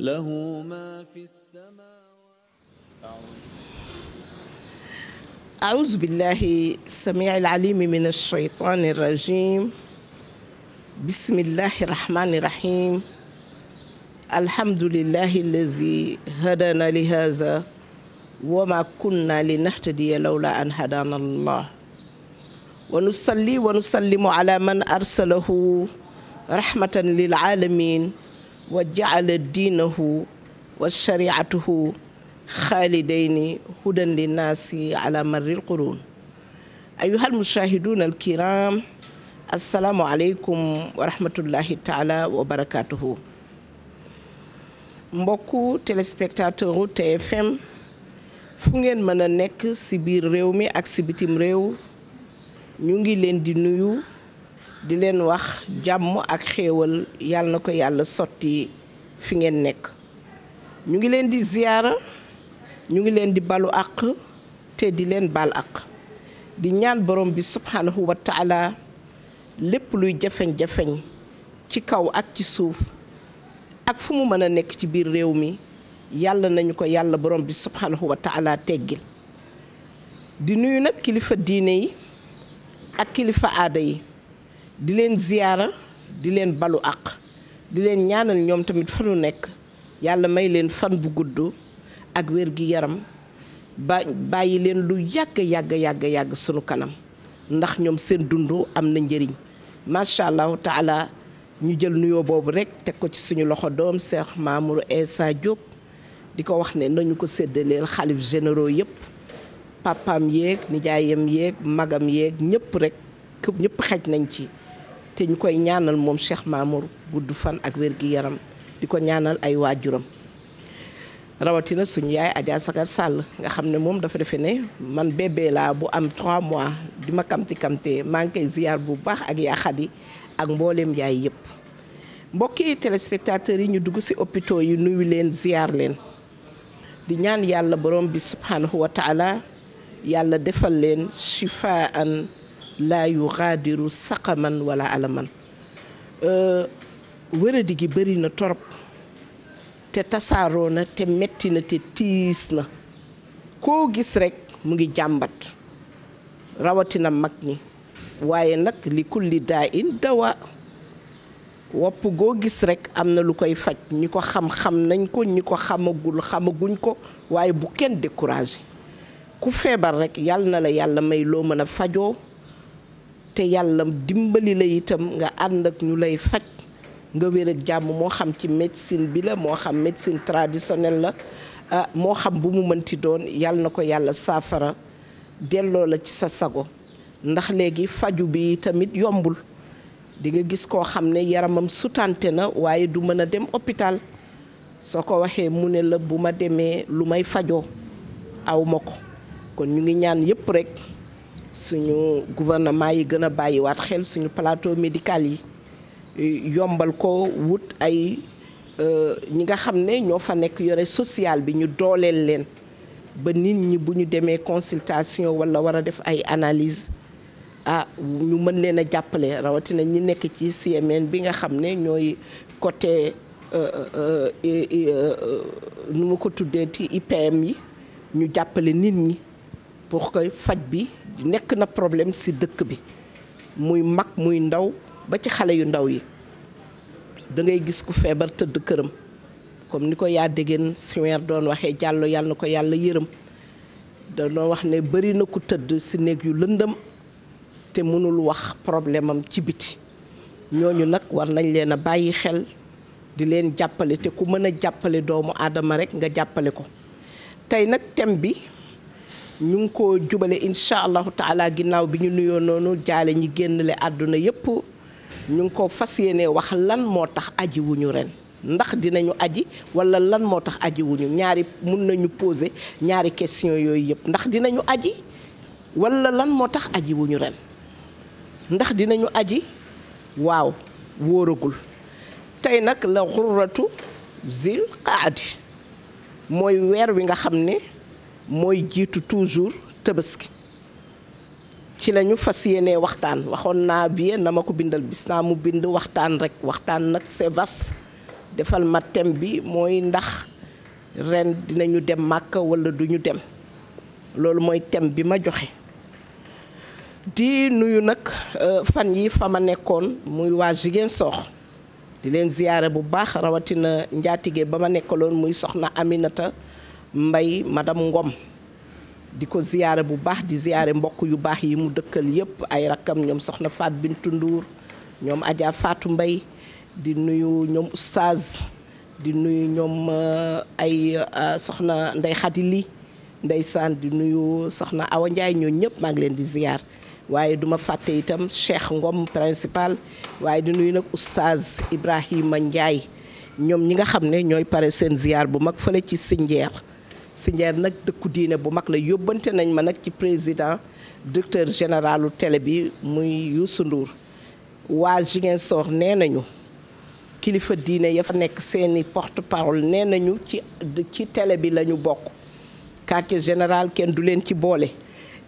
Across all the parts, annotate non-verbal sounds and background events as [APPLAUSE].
له ما في السماوات أعوذ بالله السميع العليم من الشيطان الرجيم بسم الله الرحمن الرحيم الحمد لله الذي هدانا لهذا وما كنا لنهتدي لولا أن هدانا الله ونصلي ونسلم على من أرسله rahmatan lil alamin wa jaala diinahu wa shariatuhu xaalidayni hudan linnaasi ala marril qurun ayuhal mushahiduna alkiram taala wa mbokku téléspectateur TFM fu ngeen mën a nekk ci biir réew mi ak bitim réew ñu ngi leen di nuyu di leen wax jàmm ak xéewal yàlla na ko yàlla sotti fi ngeen nekk ñu ngi leen di ziyaara ñu ngi leen di balu àq te di leen bal àq di ñaan borom bi subhanahu wa lépp luy jafeñ-jafeñ ci kaw ak ci suuf ak fu mu mën a nekk ci biir réew mi yàlla nañu ko yàlla borom bi subhanahu wa taala teggil di nuyu nag kilifa diine yi ak kilifa aada yi di leen ziyaara di leen balu àq di leen ñaanal ñoom tamit fa nu nekk yàlla may leen fan bu gudd ak wér gi yaram ba bàyyi leen lu yàgg yàgg yàgg yàgg sunu kanam ndax ñoom seen dund am na njëriñ macha allahu taala ñu jël nuyoo boobu rek teg ko ci suñu loxo doom Cheikh Mamour Essa Diop di ko wax ne nañu ko séddaleel xalif généro yëpp papaam yeeg nijaayam yeeg magam yeeg ñëpp rek ñëpp xaj nañ ci te ñu koy ñaanal moom Cheikh Mamour gudd fan ak wér gi yaram di ko ñaanal ay waajuram rawatina suñu yaay Adja Sakar Sall nga xam ne moom dafa defe ne man bébé laa bu am 3 mois di ma kamti kamte maa ngi koy ziar bu baax ak yaa Xadi ak mbooleem yaay yëpp mbokki téléspectateurs yi ñu dugg ci hôpitaux yi nuyu leen ziar leen di ñaan yàlla borom bi subhanahu wa yàlla defal leen chifaan laa yuxaadiru saqaman wala alaman euh, wëradi gi bëri na torop te tasaaroo na te mettina na te tiis na koo gis rekk mu ngi jàmbat rawatina mag ñi waaye nag li kulli daa in wopp goo gis rekk am na lu koy faj ñi ko xam-xam nañ ko ñi ko xamagul xamaguñ ko waaye bu kenn découragé ku feebar rekk yàlla na la yàlla may loo mën a fajoo te yàlla dimbali la itam nga ànd ak ñu lay faj nga wér ak jàmm moo xam ci médecine bi la moo xam médecine traditionnelle la ah, moo xam bu mu mënti doon yàlla na ko yàlla saafara delloo la ci sa sago ndax léegi faju bi tamit yombul di nga gis koo xam ne yaramam sutante na waaye du mën a dem hôpital soo ko waxee mu ne la bu ma demee lu may fajoo awma ko kon ñu ngi ñaan yépp rekk suñu gouvernement yi gën a bàyyiwaat xel suñu plateau médical yi yombal ko wut ay euh, ñi nga xam ne ñoo fa nekk yore sociale bi ñu dooleel leen ba nit ñi bu ñu demee consultation walla war a def ay analyse ah ñu mën leen a jàppale rawatina ñi nekk ci CMN bi nga xam ne ñooy côté euh, euh, nu mu ko tuddee ci IPM yi ñu jàppale nit ñi pour que faj bi nekk na problème si dëkk bi muy mag muy ndaw ba ci xale yu ndaw yi dangay gis ku feebar tëdd këram comme ni ko yaa déggeen simeer doon waxee jàllo yàlla na ko yàlla yërëm dañoo wax ne bari na ku tëdd si néeg yu lëndëm te mënul wax problème am ci biti ñooñu nag war nañ leen a bàyyi xel di leen jàppale te ku mën a jàppale doomu aadama rek nga jàppale ko tey nag thème bi ñu ngi ko jubale incha allahu taala ginnaaw bi ñu nuyoo noonu jaale ñi génnle àdduna yépp ñu ngi ko fas yéene wax lan moo tax aji wuñu ren ndax dinañu aji walla lan moo tax aji wuñu ñaari mun nañu poser ñaari question yooyu yëpp ndax dinañu aji wala lan moo tax aji ren ndax dinañu aji waaw wóoragul tey nag la xurratu zil qaadi mooy weer wi nga xam ne mooy jiitu toujours tabaski ci lañu fas yéenee waxtaan waxoon naa bien na ma ko bindal bis naa mu bind waxtaan rek waxtaan nag c'est defal ma tem bi mooy ndax ren dinañu dem màkk wala duñu dem loolu mooy thème bi ma joxe di nuyu nag euh, fan yi fa ma nekkoon muy waa Ziguinchor di leen ziyaare bu baax rawatina njaatige ba ma nekkaloon muy soxna Aminata Mbay madam Ngom di ko ziyaare bu baax di ziyaare mbokk yu baax yi mu dëkkal yëpp ay rakkam ñoom soxna Faat Bintu Nduur ñoom Adja Faatu Mbay di nuyu ñoom oustaz di nuyu ñoom uh, ay uh, soxna Ndey Xadi Li ndeysaan di nuyu soxna Awa Ndiaye ñoo ñëpp maa ngi leen di ziyaar waaye duma fàtte itam Cheikh Ngom principal waaye di nuyu nag oustaz Ibrahima Ndiaye ñoom ñi nga xam ne ñooy pare seen ziyaar bu mag fële ci Sindière Sindian nag dëkku diine bu mag la yóbbante nañ ma nag ci président directeur généralu tele bi muy Youssou Ndour waa Ziguinchor nee nañu kilifa diine ya fa nekk seeni porte parole nee nañu ci ci télé bi la ñu bokk quartier général kenn du leen ci boole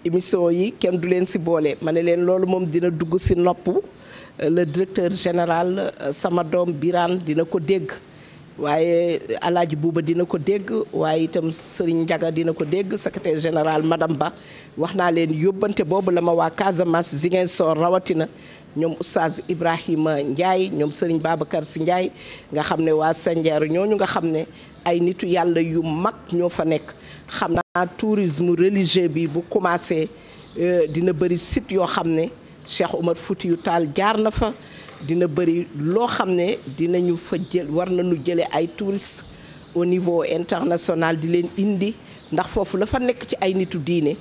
émission yi kenn du leen si boole ma ne leen loolu moom dina dugg si nopp euh, le directeur général euh, sama doom Birane dina ko dégg waaye alaaji buuba dina ko dégg waaye itam Serigne Ndiaga dina ko dégg secretaire général madam Ba wax naa leen yóbbante boobu la ma waa Casamance Ziguinchor rawatina ñoom oustaz Ibrahima Ndiaye ñoom Serigne Babacar Sy Ndiaye nga xam ne waa Sandiara ñooñu nga xam ne ay nitu yàlla yu mag ñoo fa nekk xam naa tourisme religieux bi bu commencé euh, dina bëri site yoo xam ne Cheikh Omar yu taal jaar na fa dina bëri loo xam ne dinañu fa jël war nañu jëlee ay touristes au niveau international di leen indi ndax foofu la fa nekk ci ay nitu diine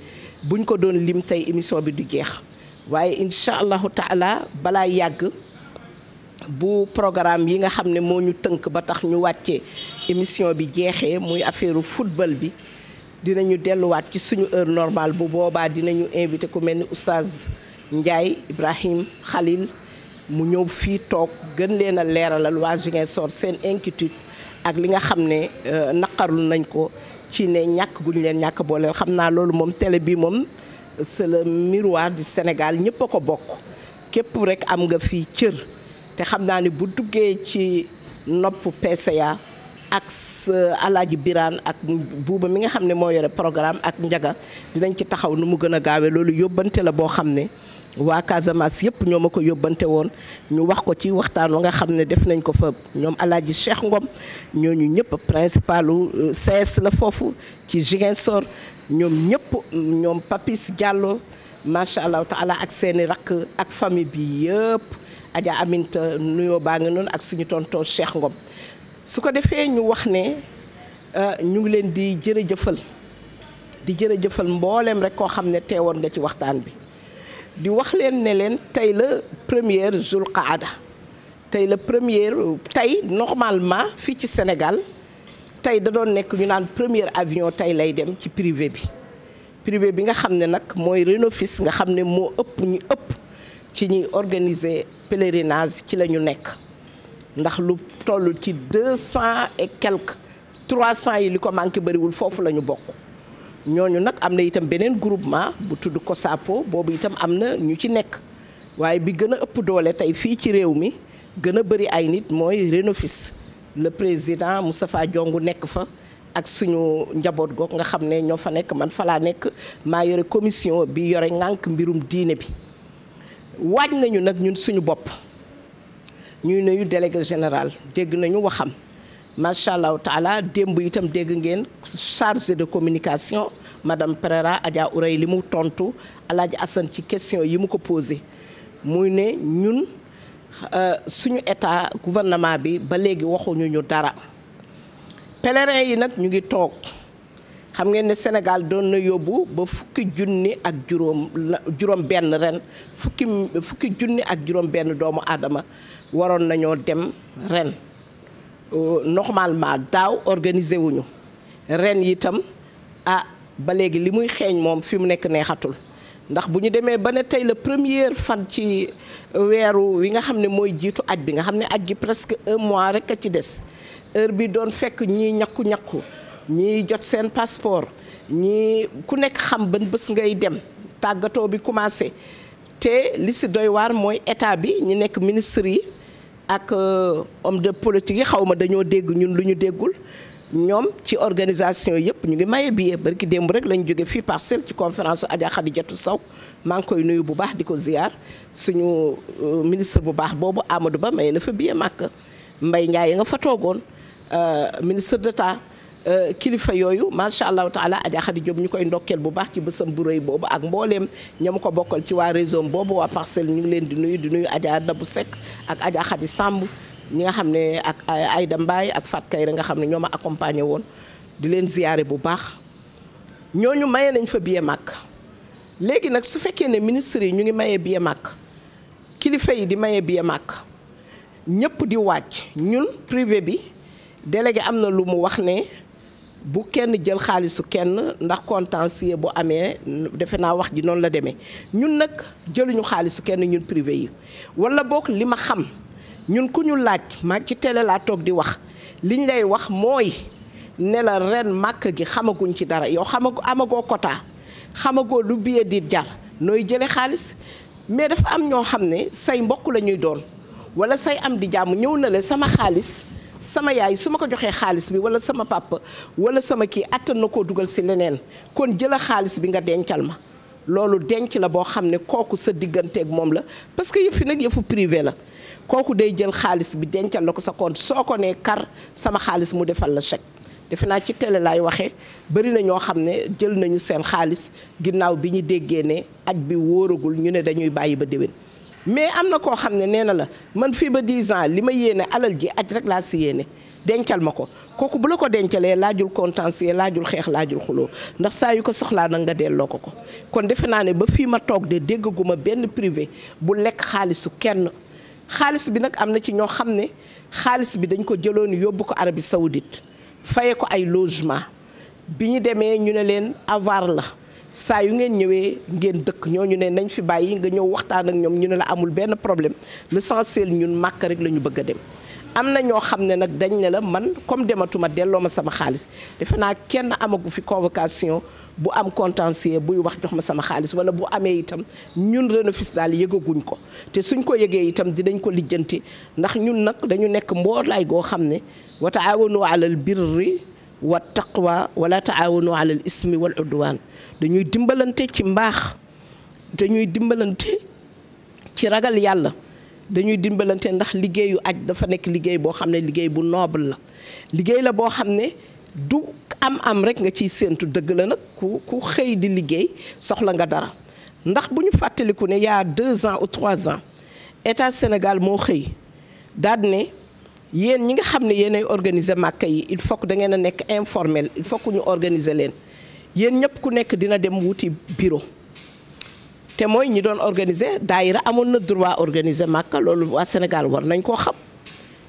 buñ ko doon lim tey émission bi du jeex waaye incha allahu taala balaa yàgg bu programme yi nga xam ne moo ñu tënk ba tax ñu wàcce émission bi jeexee muy affaire football bi dinañu delluwaat ci suñu heure normale bu boobaa dinañu invité ku mel ni oustaz Ndiaye Ibrahim Khalil mu ñëw fii toog gën leen a leeralal waa Ziguinchor seen inquiétude ak li nga xam ne euh, naqarlu nañ ko ci ne ñàkk guñ leen ñàkk booleel xam naa loolu moom télé bii moom c'est le miroir du Sénégal ñëpp a ko bokk képp rek am nga fii cër te xam naa ne bu duggee ci nopp PCA ak alaaji Birane ak buuba mi nga xam ne moo yore programme ak njaga dinañ ci taxaw nu mu gën a gaawee loolu yóbbante la boo xam ne waa Casamance yëpp ñoo ma ko yóbbante woon ñu wax ko ci waxtaan wa nga xam ne def nañ ko fa ñoom alaaji Cheikh Ngom ñooñu ñëpp principalu euh, CS la foofu ci Ziguinchor ñoom ñëpp ñoom Papis Diallo macha allah taala ak seeni rakk ak famille bi yëpp aja Aminta nuyoo baa ngi noonu ak suñu tonton Cheikh Ngom su ko defee ñu wax ne euh, ñu ngi leen di jëfal di jëfal mbooleem rek koo xam ne teewoon nga ci waxtaan bi di wax leen ne leen tey la première Zulqaada tey la première tey normalement fii ci Sénégal tey da doon nekk ñu naan première avion tey lay dem ci privé bi privé bi nga xam ne nag mooy Renofis nga xam ne moo ëpp ñu ëpp ci ñuy organiser pèlerinage ci la ñu nekk ndax lu toll ci deux cent et quelque trois cent yi li ko manqué bariwul foofu la ñu bokk ñooñu nag am na itam beneen groupement bu tudd ko COSAPO boobu itam am na ñu ci nekk waaye bi gën a ëpp doole tey fii ci réew mi gën a bëri ay nit mooy Renofis le président Moustapha jongu nekk fa ak suñu njaboot goog nga xam ne ñoo fa nekk man fa laa nekk maa yore commission bi yore ŋànk mbirum diine bi waaj nañu nag ñun suñu bopp ñuy nuyu délégué général dégg nañu waxam macha allahu taala démb itam dégg ngeen chargé de communication madame Pereira Adja Ouray li mu tontu Alaaji Assane ci question yi mu ko posé muy ne ñun euh, suñu état gouvernement bi ba léegi waxuñu ñu dara pèlerin yi nag ñu ngi toog xam ngeen ne Sénégal doon na yóbbu ba fukki junni ak juróom benn ren fukki junni ak juróom benn doomu aadama waroon nañoo dem ren Euh, normalement daaw organiser wuñu ren itam ah ba léegi li muy xeeñ moom fi mu nekk neexatul ndax bu ñu demee ba ne tey la première fan ci weeru wi nga xam ne mooy jiitu aj bi nga xam ne aj gi presque un mois rek a ci des heure bi doon fekk ñii ñakku-ñakku ñii jot seen passeport ñi ku nekk xam ban bés ngay dem tàggatoo bi commencé te li si doy waar mooy état bi ñi nekk ministre yi ak euh, homme de politique yi xaw ma dañoo dégg ñun lu ñu déggul ñoom ci organisation yëpp ñu ngi maye billet ki démb rek lañu jóge fii parcelle ci conférence su Adja Khadijatou saw maa ngi koy nuyu bu baax di ko ziar suñu euh, ministre bu baax boobu Amadou Ba maye na fa billet màkk Mbaye Ndiaye nga fa toogoon euh, ministre d'État Euh, kilifa yooyu macha allahu taala Adja Khady ñu koy ndokkeel bu baax ci bësëm bu rëy boobu ak mbooleem ña mu ko bokkal ci waa réseau boobu waa parcelle ñu ngi leen di nuyu di nuy Adja Dabu Seck ak Adja Khady Samb ñi nga xam ne ak ay Aïda Mbaye ak Fat Kayre nga xam ne ñoo ma accompagné woon di leen ziyaare bu baax ñooñu maye nañ fa billet màkk léegi nag su fekkee ne ministre yi ñu ngi mayee billet màkk kilifa yi di mayee billet màkk ñëpp di wàcc ñun privé bi délégué am na lu mu wax ne bu kenn jël xaalisu kenn ndax contentieux bu amee defe naa wax ji noonu la demee ñun nag jëluñu xaalisu kenn ñun privé yi wala boog li ma xam ñun ku ñu laaj ma ci télé laa toog di wax liñ lay wax mooy ne la ren màkk gi xamaguñ ci dara yow xamagu amagoo kota xamagoo lu billet di jar nooy jële xaalis mais dafa am ñoo xam ne say mbokk la ñuy doon wala say am di jàmm ñëw na la sama xaalis sama yaay su ma ko joxee xaalis bi wala sama pàpp wala sama kii attan na koo dugal si leneen kon jëla xaalis bi nga dencal ma loolu denc la boo xam ne kooku sa digganteeg moom la parce que yëfi nag yëfu privé la kooku day jël xaalis bi dencal la ko sa compte soo ko nee kar sama xaalis mu defal la chèque defe naa ci tele laay waxee bari na ñoo xam ne jël nañu seen xaalis ginnaaw bi ñu déggee ne aj bi wóoragul ñu ne dañuy bàyyi ba déwén mais am na koo xam ne nee na la man fii ba 10 ans li ma yéene alal ji at rek laa si yéene dencal ma ko kooku bu la ko dencalee laajul contentieux laajul xeex laajul xuloo ndax saa yu ko soxlaa nag nga delloo ko ko kon defe naa ne ba fii ma toog de déggaguma benn privé bu lekk xaalisu kenn xaalis bi nag am na ci ñoo xam ne xaalis bi dañ ko jëloon yóbbu ko Arabie Saoudite faye ko ay logement bi ñu demee ñu ne leen avoir la saa yu ngeen ñëwee ngeen dëkk ñooñu ne nañ fi bàyyi nga ñëw waxtaan ak ñoom ñu ne la amul benn problème l'essentiel ñun màkk rek la ñu bëgg a dem. am na ñoo xam ne nag dañ ne la man comme dematuma delloo ma sama xaalis defe naa kenn amagu fi convocation bu am contentieux buy wax jox ma sama xaalis wala bu amee itam ñun Renefis daal yëgaguñ ko te suñ ko yëgee itam dinañ ko lijjanti ndax ñun nag dañu nekk mboolaay goo xam ne wa taawanu alal birri wa taqwa wala taawanu alal ismi wal udwaan dañuy dimbalante ci mbaax dañuy dimbalante ci ragal yàlla dañuy dimbalante ndax liggéeyu aj dafa nekk liggéey boo xam ne liggéey bu noble la liggéey la boo xam ne du am am rek nga ciy séentu dëgg la nag ku ku xëy di liggéey soxla nga dara ndax bu ñu fàttaliku ne y a deux ans ou trois ans état senegal moo xëy daal ne yéen ñi nga xam ne yéenay organiser màkka yi il faut que da ngeen a nekk informel il faut que ñu organiser leen yéen ñëpp ku nekk dina dem wuti bureau te mooy ñi doon organiser daayira amoon na droit organiser màkka loolu waa Sénégal war nañ koo xam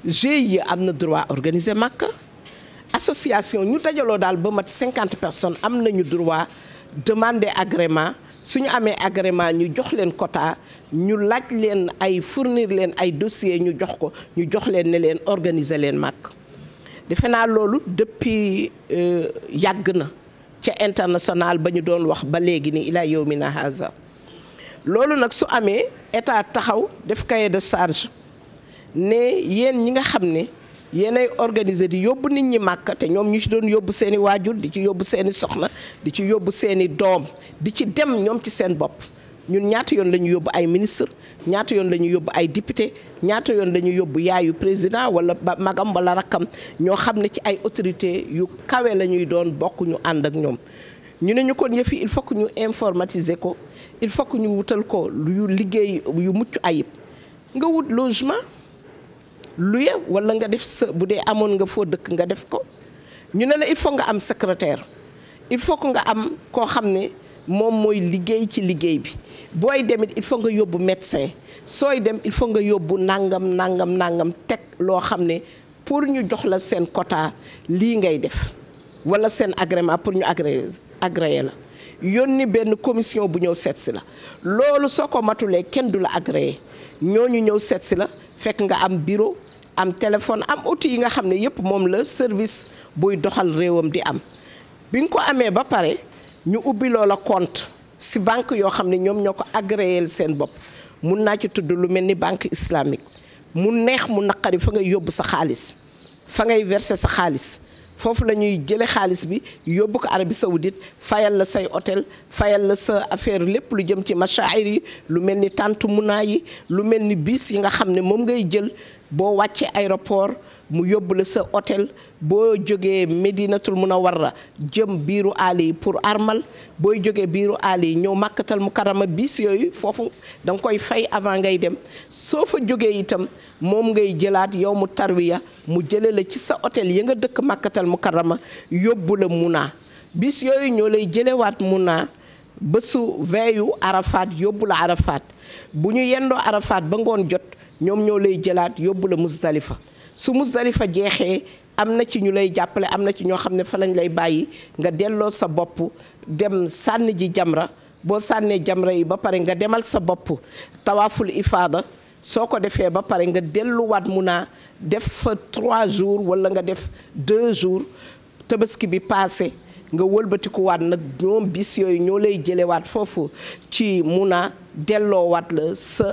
yi am na droit organiser màkka association ñu dajaloo daal ba mat cinquante personnes am nañu droit demander agrément suñu amee agrément ñu jox leen quota ñu laaj leen ay fournir leen ay dossier ñu jox ko ñu jox leen ne leen organiser leen màgg defe naa loolu depuis euh, yàgg na ca international ba ñu doon wax ba léegi ni ilaa yow mi na haza loolu nag su amee état taxaw def cahier de charge ne yéen ñi nga xam ne yéenay organiser di yóbbu nit ñi màkk te ñoom ñu ci doon yóbbu seeni waajur di ci yóbbu seeni i soxna di ci yóbbu seeni doom di ci dem ñoom ci seen bopp ñun ñaata yoon la ñu yóbbu ay ministre ñaata yoon la ñu yóbbu ay député ñaata yoon la ñu yóbbu yaayu président wala magam wala rakkam ñoo xam ne ci ay autorité yu kawe la ñuy doon bokk ñu ànd ak ñoom ñu ne ñu kon yëf il faut que ñu informatiser ko il faut que ñu wutal ko yu liggéey yu mucc ayib nga wut lu luye wala nga def sa bu dee amoon nga foo dëkk nga def ko ñu ne la il faut nga am secrétaire il faut que nga am koo xam ne moom mooy liggéey ci liggéey bi booy demit il faut nga yóbbu médecin sooy dem il faut nga yóbbu nangam nangam nangam teg loo xam ne pour ñu jox la seen quota lii ngay def wala seen agrement pour ñu agré agréé la yónni benn commission bu ñëw seet si la loolu soo ko matulee kenn du la ñoo ñu ñëw seet si la fekk nga am bureau am téléphone am outil yi nga xam ne yëpp moom la service buy doxal réewam di am bi nga ko amee ba pare ñu ubbi loola compte si banque yoo xam ne ñoom ñoo ko agréel seen bopp mun naa ci tudd lu mel ni banque islamique mu neex mu naqari fa nga yóbbu sa xaalis fa ngay verser sa xaalis foofu la ñuy jële xaalis bi yóbbu ko Arabie Saoudite fayal la say hôtel fayal la sa affaire lépp lu jëm ci machair yi lu mel ni tàntu munaa yi lu mel ni bis yi nga xam ne moom ngay jël boo wàccee aéroport mu yóbbu la sa hôtel boo jógee Medinatul la jëm biiru àll yi pour armal booy jógee biiru àll yi ñëw màkkatal mu karama bis yooyu foofu da nga koy fay avant ngay dem soo fa jógee itam moom ngay jëlaat yow mu tarwiya mu jële la ci sa hôtel ya nga dëkk màkkatal mu karama yóbbu la Muna bis yooyu ñoo lay jëlewaat Muna bésu veyu Arafat yóbbu la Arafat bu ñu yendoo Arafat ba ngoon jot ñoom ñoo lay jëlaat yóbbu la Muzdalifa su mus dari fa jeexee am na ci ñu lay jàppale am na ci ñoo xam ne fa lañ lay bàyyi nga delloo sa bopp dem sànni ji jamra boo sànnee jamra yi ba pare nga demal sa bopp tawaaful ifaada soo ko defee ba pare nga delluwaat mun naa def fa trois jours wala nga def deux jours tabaski bi passé nga wëlbatikuwaat nag ñoom bis yooyu ñoo lay jëlewaat foofu ci mun naa delloowaat la sa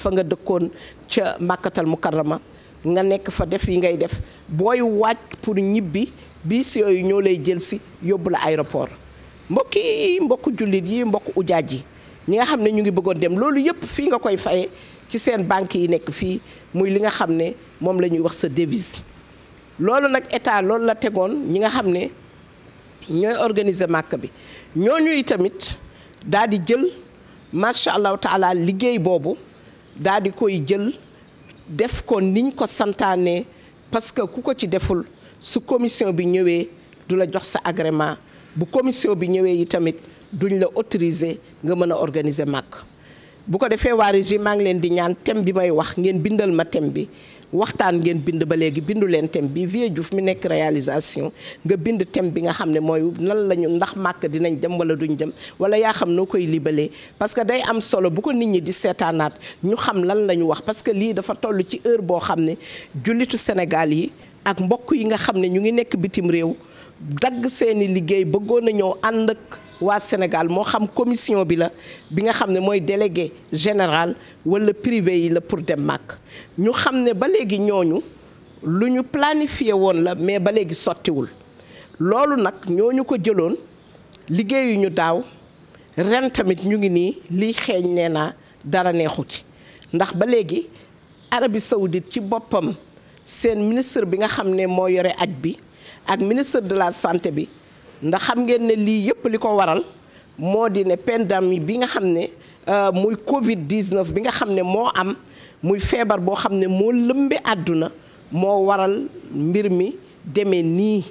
fa nga dëkkoon ca màkkatal mukarrama nga nekk fa def yi ngay def booy wàcc pour ñibbi biis yooyu ñoo lay jël si yóbbu la aéroport mbokki mbokku jullit yi mbokk ujaaj yi ñi nga xam ne ñu ngi bëggoon dem loolu yëpp fii nga koy faye ci seen banque yi nekk fii muy li nga xam ne moom la ñuy wax sa devise loolu nag état loolu la tegoon ñi nga xam ne ñooy organiser màkk bi ñooñu tamit daal di jël macha allah taala liggéey boobu daal di koy jël def ko niñ ko santaane parce que ku ko ci deful su commission bi ñëwee du la jox sa agrément bu commission bi ñëwee yi tamit duñ la autoriser nga mën a organiser màgg bu ko defee waa RIS maa ngi leen di ñaan thème bi may wax ngeen bindal ma thème bi waxtaan ngeen bind ba léegi bindu leen thème bi vie Diouf mi nekk réalisation nga bind thème bi nga xam ne mooy nan la ñu ndax màkk dinañ dem wala duñ dem wala yaa xam noo koy libalee parce que day am solo bu ko nit ñi di seetaanaat ñu xam lan la ñu wax parce que lii dafa toll ci heure boo xam ne jullitu Sénégal yi ak mbokk yi nga xam ne ñu ngi nekk bitim réew dagg seeni liggéey bëggoon na ñëw ànd ak waa Sénégal moo xam commission bi la bi nga xam ne mooy délégué général wala privé yi la pour dem màkk ñu xam ne ba léegi ñooñu lu ñu planifié woon la mais ba léegi sottiwul loolu nag ñooñu ko jëloon liggéeyuñu daaw ren tamit ñu ngi nii liy xeeñ nee naa dara neexuti ndax ba léegi Arabie Saoudite ci boppam seen ministre bi nga xam ne moo yore aj bi ak ministre de la santé bi ndax xam ngeen ne lii yëpp li ko waral moo di ne pandémie bi nga xam ne euh, muy Covid 19 bi nga xam ne moo am muy feebar boo xam ne moo lëmbe àdduna moo waral mbir mi demee nii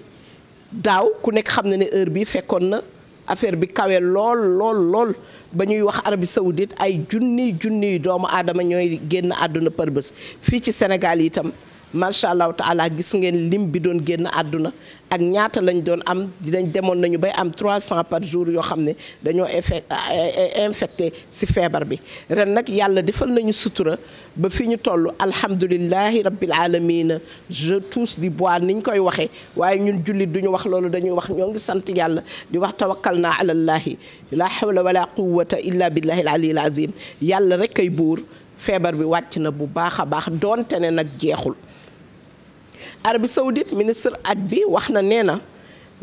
daaw ku nekk xam ne ne heure bi fekkoon na affaire bi kawe lool lool lool ba ñuy wax Arabie Saoudite ay junniy junniy doomu aadama ñooy génn àdduna par fii ci senegal itam. macha allah taala gis ngeen lim bi doon génn àdduna ak ñaata lañ doon am dinañ demoon nañu bay am 300 par jour yoo xam ne dañoo euh, infecte si feebar bi ren nag yàlla defal nañu sutura ba fi ñu toll alhamdulilahi rabbil alamina je touche du bois ni ñu koy waxee waaye ñun jullit duñu wax loolu dañuy wax ñoo ngi sant yàlla di wax tawakkal naa alallahi la hawla wala quwata illa billahi al aliyil azim yàlla rek kay buur feebar bi wàcc na bu baax a baax doonte ne nag jeexul Arabie Saoudite ministre at bi wax na nee na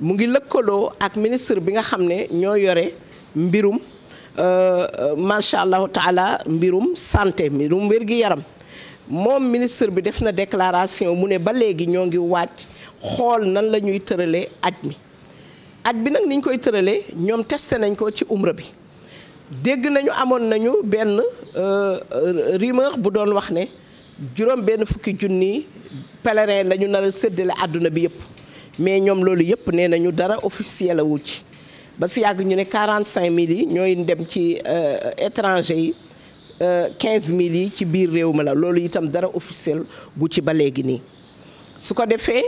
mu ngi lëkkaloo ak ministre bi nga xam ne ñoo yore mbirum euh, macha allahu taala mbirum santé mbirum wér-gi-yaram moom ministre bi def na déclaration mu ne ba léegi ñoo ngi waaj xool nan la ñuy tëralee aj mi at bi nag niñ koy tëralee ñoom teste nañ ko ci umra bi dégg nañu amoon nañu benn euh, rumeur bu doon wax ne juróom benn fukki junni pèlerin la ñu nar séddale àdduna bi yëpp mais ñoom loolu yëpp nee nañu dara officiel la ci ba si yàgg ñu ne 45000 yi ñooy dem ci euh, étranger yi 15000 euh, yi ci biir réew mi la loolu itam dara officiel gu ci ba léegi nii su ko defee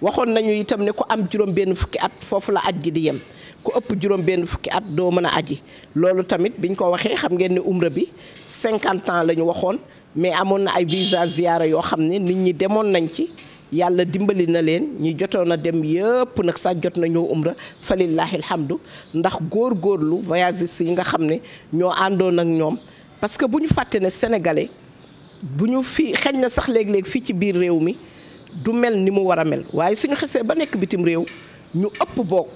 waxoon nañu itam ne ku am juróom benn fukki at foofu la aj gi di yem ku ëpp juróom benn fukki at doo mën a aji loolu tamit biñ ko waxee xam ngeen ne umra bi 50 ans la ñu waxoon mais amoon na ay visa ziyaara yoo xam ne nit ñi demoon nañ ci yàlla dimbali na leen ñi jotoon a dem yëpp nag sax jot nañoo umra falillaahi alhamdu ndax góor-góorlu voyagistes yi nga xam ne ñoo àndoon ak ñoom parce que bu ñu fàtte ne sénégalais bu ñu fii xeñ na sax léeg fii ci biir réew mi du mel ni mu war a mel waaye suñu xesee ba nekk bitim réew ñu ëpp bokk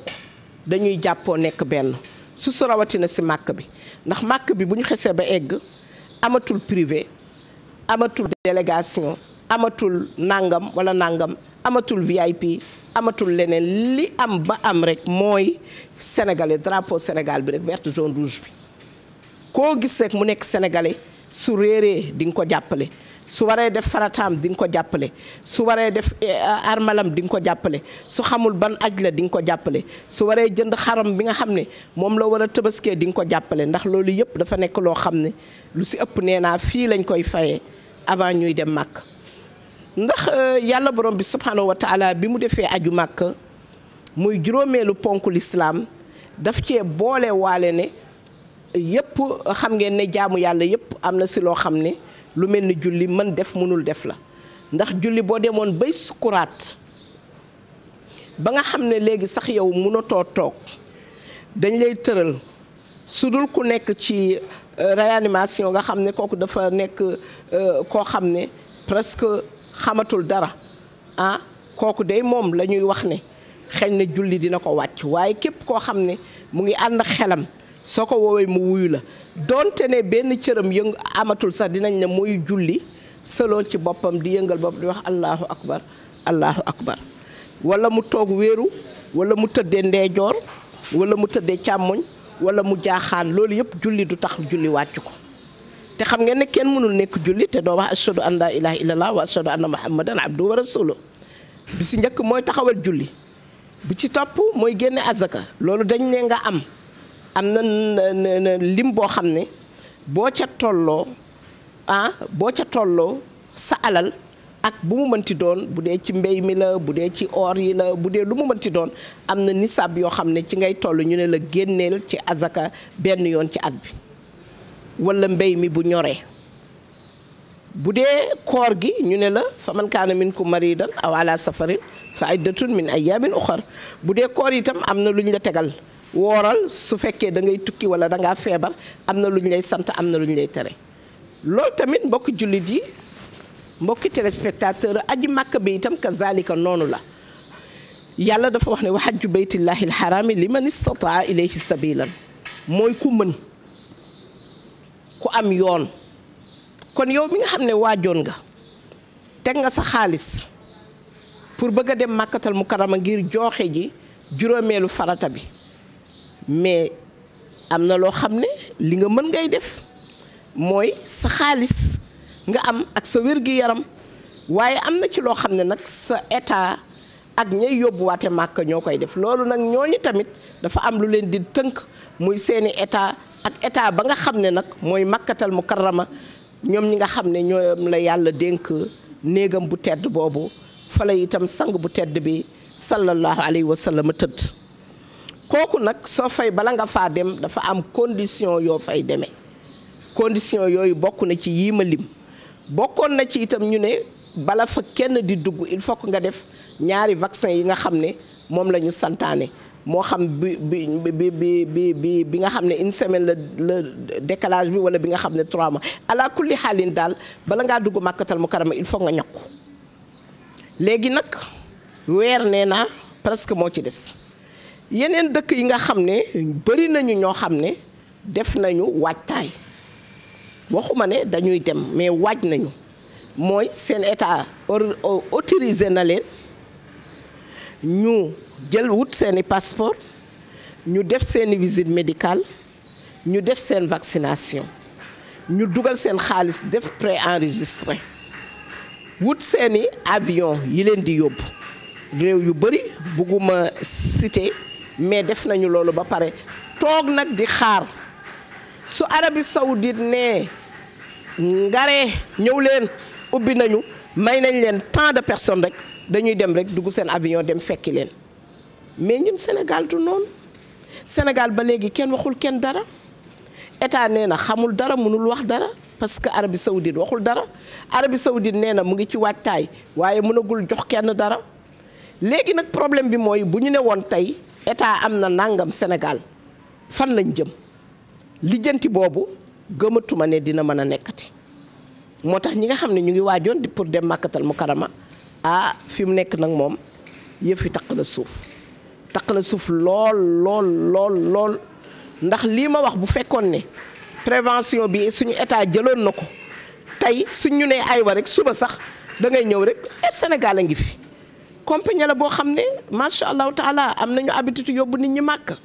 dañuy jàppoo nekk benn su su rawatina si màkk bi ndax màkk bi bu ñu xesee ba egg amatul privé amatul délégation amatul nangam wala nangam amatul VIP amatul leneen li am ba am rek mooy sénégalais drapeau Sénégal bi rek vert jaune rouge bi koo gis rek mu nekk sénégalais su réeree di nga ko jàppale su waree def farataam di nga ko jàppale su waree def eh, armalam di nga ko jàppale su xamul ban aj la di nga ko jàppale su waree jënd xaram bi nga xam ne moom la war a tëbaskee di nga ko jàppale ndax loolu yëpp dafa nekk loo xam ne lu si ëpp nee naa fii lañ koy fayee avant ñuy dem màkk ndax euh, yàlla borom bi subhanahu wa taala bi mu defee aju màkk muy juróomeelu ponk lislaam daf cee boole waale ne yëpp xam ngeen ne jaamu yàlla yëpp am na si loo xam ne lu mel ni julli mën def mënul def la ndax julli boo demoon bay sukuraat ba nga xam ne léegi sax yow mënatoo toog dañ lay tëral su dul ku nekk ci euh, réanimation nga xam ne kooku dafa nekk Euh, koo xam ne presque xamatul dara ah kooku day moom la ñuy wax ne xeñ na julli dina ko wàcc waaye képp koo xam ne mu ngi ànd xelam soo ko woowee mu wuyu la donte ne benn cëram yëngu amatul sax dinañ ne mooy julli sëloon ci boppam di yëngal bopp di wax allahu akbar allahu akbar wala mu toog wéeru wala mu tëdde ndeejoor walla mu tëddee càmmoñ wala mu jaaxaan loolu yëpp julli du tax julli wàcc ko xam ngeen ne kenn mënul nekk julli te doo wax ashadu an laa ilaha illallah wa ashadu anna muhammadan abdu wa rasulu bi si njëkk mooy taxawal julli bu ci topp mooy génne azaka loolu dañ ne nga am am na lim boo xam ne boo ca tolloo ah boo ca tolloo sa alal ak bu mu mënti doon bu dee ci mbéy mi la bu dee ci oor yi la bu dee lu mu mënti doon am na nisaab yoo xam ne ci ngay toll ñu ne la génneel ci azaka benn yoon ci at bi wala mbéy mi bu ñoree bu dee koor gi ñu ne la fa man kaana minkum maridan aw ala safarin fa iddatun min ayamin uxar bu dee koor itam am na lu ñu la tegal wooral su fekkee da ngay tukki wala da ngaa feebar am na lu ñu lay sant am na lu ñu lay tere loolu tamit mbokki jullit yi mbokki téléspectateur aji màkk bi itam kazalika noonu la yàlla dafa wax ne wa hajju baytillahi alxarami liman istataa ilayhi sabilan mooy ku mën ku am yoon kon yow mi nga xam ne waajoon nga teg nga sa xaalis pour bëgg a dem màkkatal mu karama ngir jooxe ji juróomeelu farata bi mais am na loo xam ne li nga mën ngay def mooy sa xaalis nga am ak sa wér-gi-yaram waaye am na ci loo xam ne nag sa état ak ñay waate màkk ñoo koy def loolu nag ñooñu tamit dafa am lu leen di tënk muy seeni état ak état ba nga xam ne nag mooy makkatal mu ñoom ñi nga xam ne ñoom la yàlla dénk néegam bu tedd boobu fala itam sang bu tedd bi sallallahu alayhi wa sallam tëdd kooku nag soo fay bala nga faa dem dafa am condition yoo fay demee condition yooyu bokk na ci yii ma lim bokkoon na ci itam ñu ne bala fa kenn di dugg il faut que nga def ñaari vaccin yi nga xam ne moom la ñu santaane moo xam bi bi bi bi bi bi nga xam ne une semaine la la décalage bi wala bi nga xam ne trois mois ala xaalin daal bala ngaa dugg màkkatal mu karama il faut nga ñakku léegi nag weer nee naa presque moo ci des yeneen dëkk yi nga xam ne bëri nañu ñoo xam ne def nañu waajtaay waxuma ne dañuy dem mais waaj nañu mooy seen état autorisé na leen ñu jël wut seeni passeport ñu def seeni visite médicale ñu def seen vaccination ñu dugal seen xaalis def près enregistré wut seeni avion yi leen di yóbbu réew yu bëri bugguma cité mais def nañu loolu ba pare toog nag di xaar su Arabie Saoudite ne ngaree ñëw leen ubbi nañu may nañ leen tant de personne rek dañuy dem rek dugg seen avion dem fekki leen mais ñun Sénégal du noonu Sénégal ba léegi kenn waxul kenn dara état nee na xamul dara mënul wax dara parce que Arabie Saoudite waxul dara Arabie Saoudite nee na mu ngi ci waajtaay waaye mënagul jox kenn dara léegi nag problème bi mooy bu ñu ne woon tey état am na nàngam Sénégal fan lañ jëm lijjanti boobu gëmatuma ne dina mën a nekkati moo tax ñi nga xam ne ñu ngi waajoon di pour dem màkkatal mu karama ah fi mu nekk nag moom yëf yi taq na suuf taq la suuf lool lool lool lool ndax lii ma wax bu fekkoon ne prévention bi suñu état jëloon na ko tey suñ ñu nee aywa rek suba sax da ngay ñëw rek Air eh, Sénégal a ngi fi compagnie la boo xam ne macha allahu taala am nañu habitude yóbbu nit ñi màkk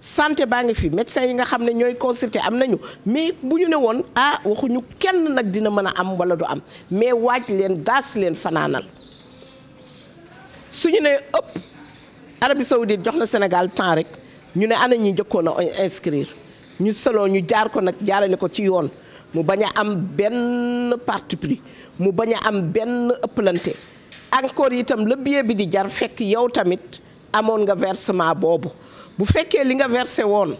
santé baa ngi fi médecin yi nga xam ne ñooy consulté am nañu mais bu ñu ne woon ah waxuñu kenn nag dina mën a am wala du am mais waaj leen daas leen fanaanal suñu ne ëpp Arabie Saoudite jox na Sénégal temps rek ñu ne ana ñi jëkkoon a inscrire ñu selon ñu jaar ko nag jaarale ko ci yoon mu bañ a am benn parti pris mu bañ a am benn ëppalante encore yitam la billet bi di jar fekk yow tamit amoon nga versement boobu bu fekkee li nga versé woon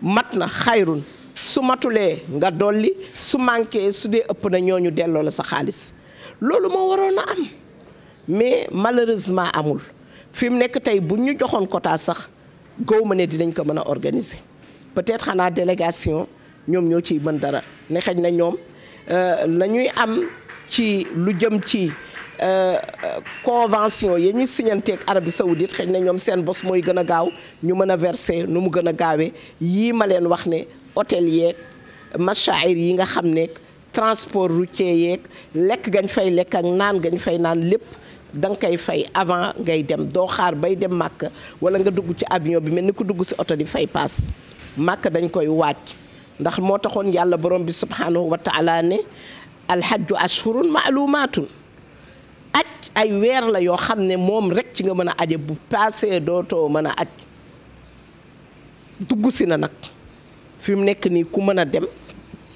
mat na xayrun su matulee nga dolli su manqué su dee ëpp na ñoo ñu delloo la sa xaalis loolu moo waroon a am mais malheureusement amul fi mu nekk tey bu ñu joxoon quota sax gaw ma ne dinañ ko mën a organiser peut-être xanaa délégation ñoom ñoo ciy mën dara ne xëy na ñoom euh, la ñuy am ci lu jëm ci euh, convention ya ñu signante ak Arabie Saoudite xëy na ñoom seen bos mooy gën a gaaw ñu mën a verser nu mu gën a gaawee yii ma leen wax ne hôtel yeeg machair yi nga xam ne transport routier yeeg lekk gañ fay lekk ak naan gañ fay naan lépp danga koy fay avant ngay dem doo xaar bay dem màkk wala nga dugg ci avion bi mel ni ku dugg si oto di fay paas màkk dañ koy wàcc ndax moo taxoon yàlla borom bi subhaanahu wa taala ne alxajju ashhurun maalumaatun aj ay weer la yoo xam ne moom rekk ci nga mën a aje bu paasee dootoo mën a aj dugg si na nag fi mu nekk nii ku mën a dem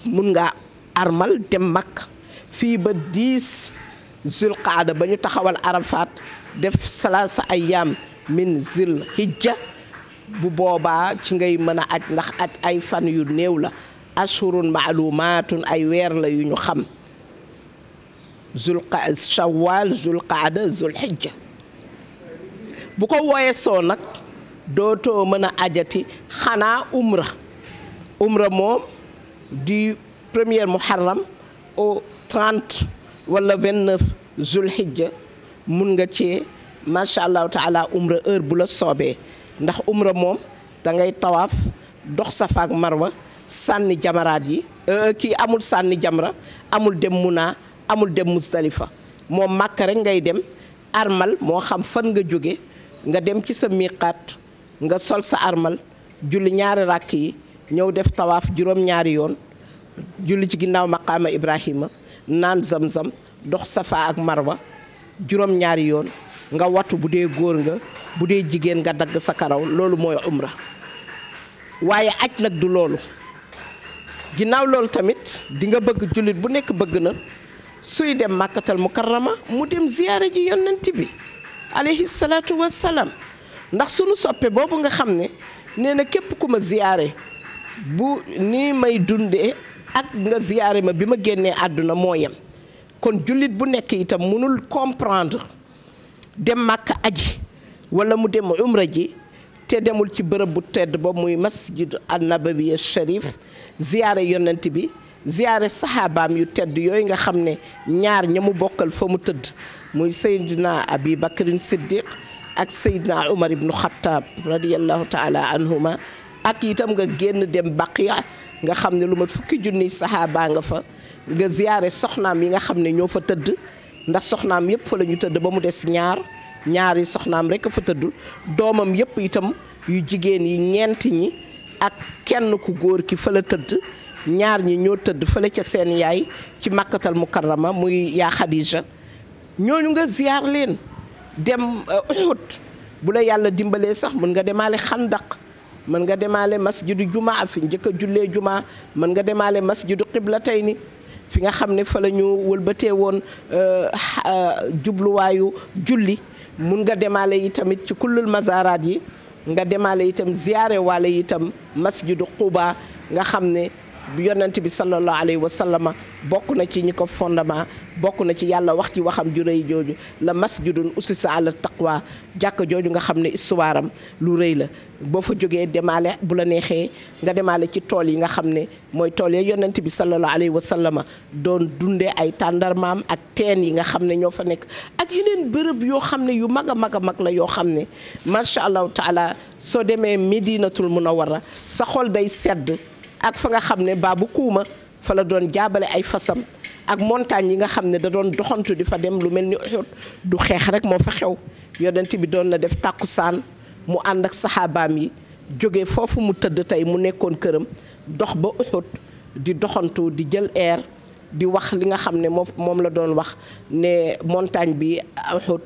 mun ngaa armal dem màkk fii ba diis zul ba ñu taxawal arafaat def salaasa ayyaam min zul hijja bu boobaa ci ngay mën a aj ndax ay fan yu néew la ashurun maalumaatun ay weer la yu ñu xam zul qa shawal zul bu ko woyesoo nag dootoo mën a ajati xanaa umra umra moom du premier muharram au 30 wala vingt neuf zulhijja mun nga cee macha allah taala umra heure bu la soobee ndax umra moom da ngay tawaaf dox safa ak marwa sànni jamaraat yi euh, kii amul sànni jamra amul dem munaa amul dem musdalifa moo màkka rek ngay dem armal moo xam fan nga jóge nga dem ci sa miqaat nga sol sa armal julli ñaari ràkk yi ñëw def tawaaf juróom-ñaari yoon julli ci ginnaaw maqaama ibrahima naan zam-zam dox safa ak marwa juróom-ñaari yoon nga wattu bu dee góor nga bu dee jigéen nga dagg sa karaw loolu mooy umra waaye aj nag du loolu ginnaaw loolu tamit di nga bëgg jullit bu nekk bëgg na suy dem màkkatal mukarrama mu dem ziyaare ji yonent bi aleyhi salaatu wassalaam ndax sunu soppee boobu nga xam ne nee na képp ku ma ziyaare bu nii may dundee ak nga ziyaare ma bi ma génnee àdduna moo kon jullit bu nekk itam mënul comprendre dem màkk aji wala mu dem umra ji te demul ci bërëb bu tedd ba muy masjid annabawi sharif ziyaare yonent bi ziyaare saxaabaam yu tedd yooyu nga xam ne ñaar ña bokkal fa mu tëdd muy seydina abi bakrin siddiq ak seydina umar ibnu xataab radiallahu taala anhuma ak itam nga génn dem baqiya nga xam ne lu mat fukki junniy saxaabaa nga fa nga ziyaare soxnaam yi nga xam ne ñoo fa tëdd ndax soxnaam yëpp fa la ñu tëdd ba mu des ñaar ñaari soxnaam rek fa tëddul doomam yëpp itam yu jigéen yi ñeent ñi ak kenn ku góor ki fa la tëdd ñaar ñi ñoo tëdd fële ca seen yaay ci makkatal mukarrama muy yaa Xadija ñooñu nga ziyaar leen dem uh, Uhud bu la yàlla dimbalee sax mun nga demaale xandaq mën nga demaale masjidu jumaa fi njëkk a jullee jumaa mën nga demaale masjidu ni fi nga xam ne fa la ñu wëlbatee woon euh, euh, jubluwaayu julli mun nga demaale yi tamit ci kullul mazaraat yi nga demaale itam ziyaare waale itam masjidu Quba nga xam ne yonent bi sallallahu alayhi wa sallama bokk na ci ñi ko fondement bokk na ci yàlla wax ci waxam ju rëy jooju la ussi sa ala taqwa jàkk jooju nga xam ne istuwaaram lu rëy la boo fa jógee demaale bu la neexee nga demaale ci tool yi nga xam ne mooy tool ya yonent bi sallallahu alayhi wa sallama doon dundee ay tàndarmaam ak teen yi nga xam ne ñoo fa nekk ak yeneen bërëb yoo xam ne yu mag a mag a mag la yoo xam ne macha allahu taala soo demee Medinatul Munawwara sa xool day sedd ak fa nga xam ne baabu kuuma fa la doon jaabale ay fasam ak montagne yi nga xam ne da doon doxantu di fa dem lu mel ni Uhud du xeex rek moo fa xew yonent bi doon na def tàkkusaan mu ànd ak saxaabaam yi jóge foofu mu tëdd tey mu nekkoon këram dox ba Uhud di doxantu di jël air di wax li nga xam ne moom moom la doon wax ne montagne bi jabaloon Uhud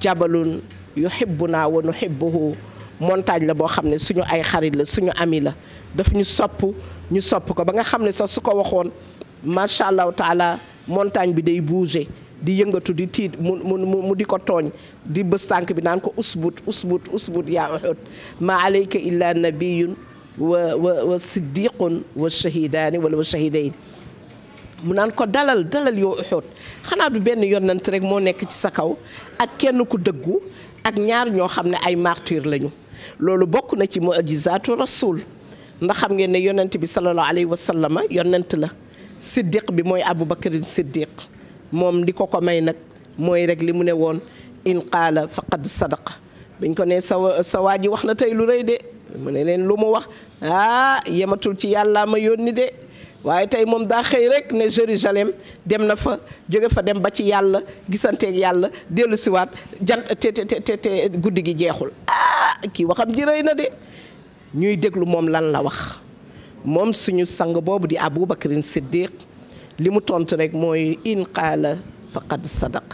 jabalun yuhibbuna wa nuhibbuhu montagne la boo xam ne suñu ay xarit la suñu ami la daf ñu sopp ñu sopp ko ba nga xam ne sax su ko waxoon macha allah taala montagne bi day bouger di yëngatu di tiit mu mu mu di ko tooñ di bës tànk bi naan ko usbut usbut usbut yaa uhud ma alayka illa nabiyun wa wa wa siddiqun wa shahidaani wala wa shahidayn mu naan ko dalal dalal yow uhud xanaa du benn yonant rek moo nekk ci sa kaw ak kenn ku dëggu ak ñaar ñoo xam ne ay martyr lañu loolu bokk na ci mu'jizaatu rasul ndax xam ngeen ne yonent bi sallallahu alayhi wa sallama yonent la siddiq bi mooy abou bakarin siddiq moom li ko ko may nag mooy rek li mu ne woon in qaala faqad sadaqa biñ ko ne sa sa waa ji wax na tey lu rëy de mu ne leen lu mu wax ah yematul ci yàlla ma yónni de waaye tey moom daa xëy rek ne Jérusalem dem na fa jóge fa dem ba ci yàlla gisanteeg yàlla dellu siwaat jant te te te te guddi gi jeexul ah kii waxam ji rëy na de ñuy déglu moom lan la wax moom suñu sang boobu di Aboubacrine Siddiq li mu tontu rek mooy in qaala faqad sadaq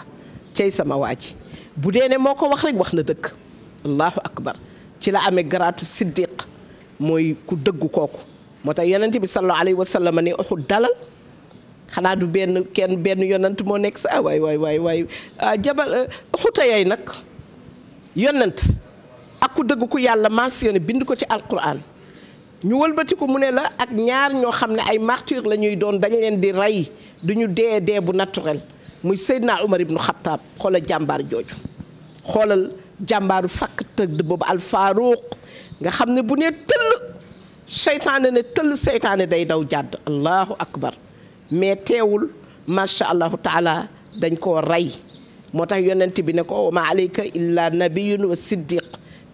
cey sama waa bu dee ne moo ko wax rek wax na dëkk allahu akbar ci la amee garaatu siddiq mooy ku dëgg kooku moo tax yonent bi sallallahu alayhi wa sallam ne Uhud dalal xanaa du benn kenn benn yonent moo nekk sa ah, waay waay waay waay ah, jabal eh, xuta yay nag yonent ak ku dëgg ku yàlla mentionné bind ko ci alquran ñu wëlbatiku mu ne la ak ñaar ñoo xam ne ay martyr la ñuy doon dañ leen di rey du ñu dee dee bu naturel muy Seydina Umar ibnu Xattaab xoolal jàmbaar jooju xoolal jàmbaaru fakk tëdd boobu al faaruq nga xam ne bu nee tëll seytaane ne tëll seytaane day daw jàdd allahu akbar mais teewul macha allahu taala dañ koo rey moo tax yonent bi ne ko wa ma aleyka illa nabiyun wa siddiq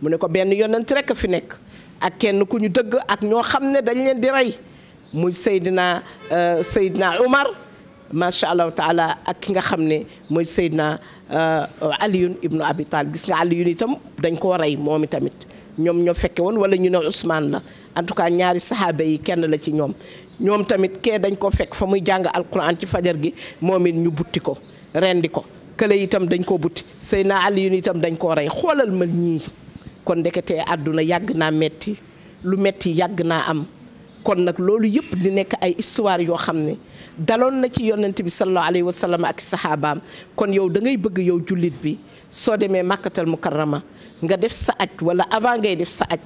mu ne ko benn yonent rek a fi nekk ak kenn ku ñu dëgg ak ñoo xam ne dañ leen di rey muy Seydina euh, Seydina Umar macha allahu taala ak ki nga xam ne mooy Seydina euh, Aliyun ibnu Abi Talib gis nga Aliyun itam dañ koo rey moom itamit ñoom ñoo fekke woon wala ñu ne Ousmane la en tout cas ñaari sahaaba yi kenn la ci ñoom ñoom tamit kee dañ koo fekk fa muy jàng alquran ci fajar gi moom it ñu butti ko rendi ko kële itam dañ koo butti Seydina Aliyun itam dañ koo rey xoolal ma ñii kon ndeketee àdduna yàgg naa metti lu metti yàgg naa am kon nag loolu yëpp di nekk ay histoire yoo xam ne daloon na ci yonent bi sallallahu alayhi wa sallam ak saxaabaam kon yow da ngay bëgg yow jullit bi soo demee màkkatal mukarrama nga def sa aj wala avant ngay def sa aj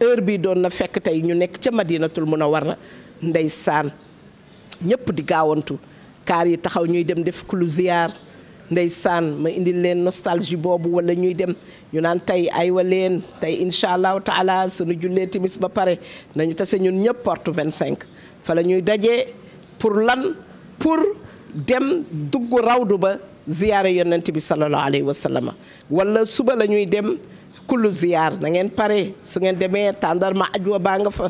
heure bi doon na fekk tey ñu nekk ca madinatul munawwara ndeysaan ñëpp di gaawantu kaar yi taxaw ñuy dem def ku lu saan ma indil leen nostalgie boobu wala ñuy dem ñu naan tey aywa leen tey incha allahu taala suñu jullee timis ba pare nañu tase ñun ñëpp porte 25 fa la ñuy dajee pour lan pour dem dugg rawdu ba ziyaare yonent bi sallallahu alayhi wa sallam wala suba la ñuy dem kullu ziyaar na ngeen pare su ngeen demee tàndarma ajwa baa nga fa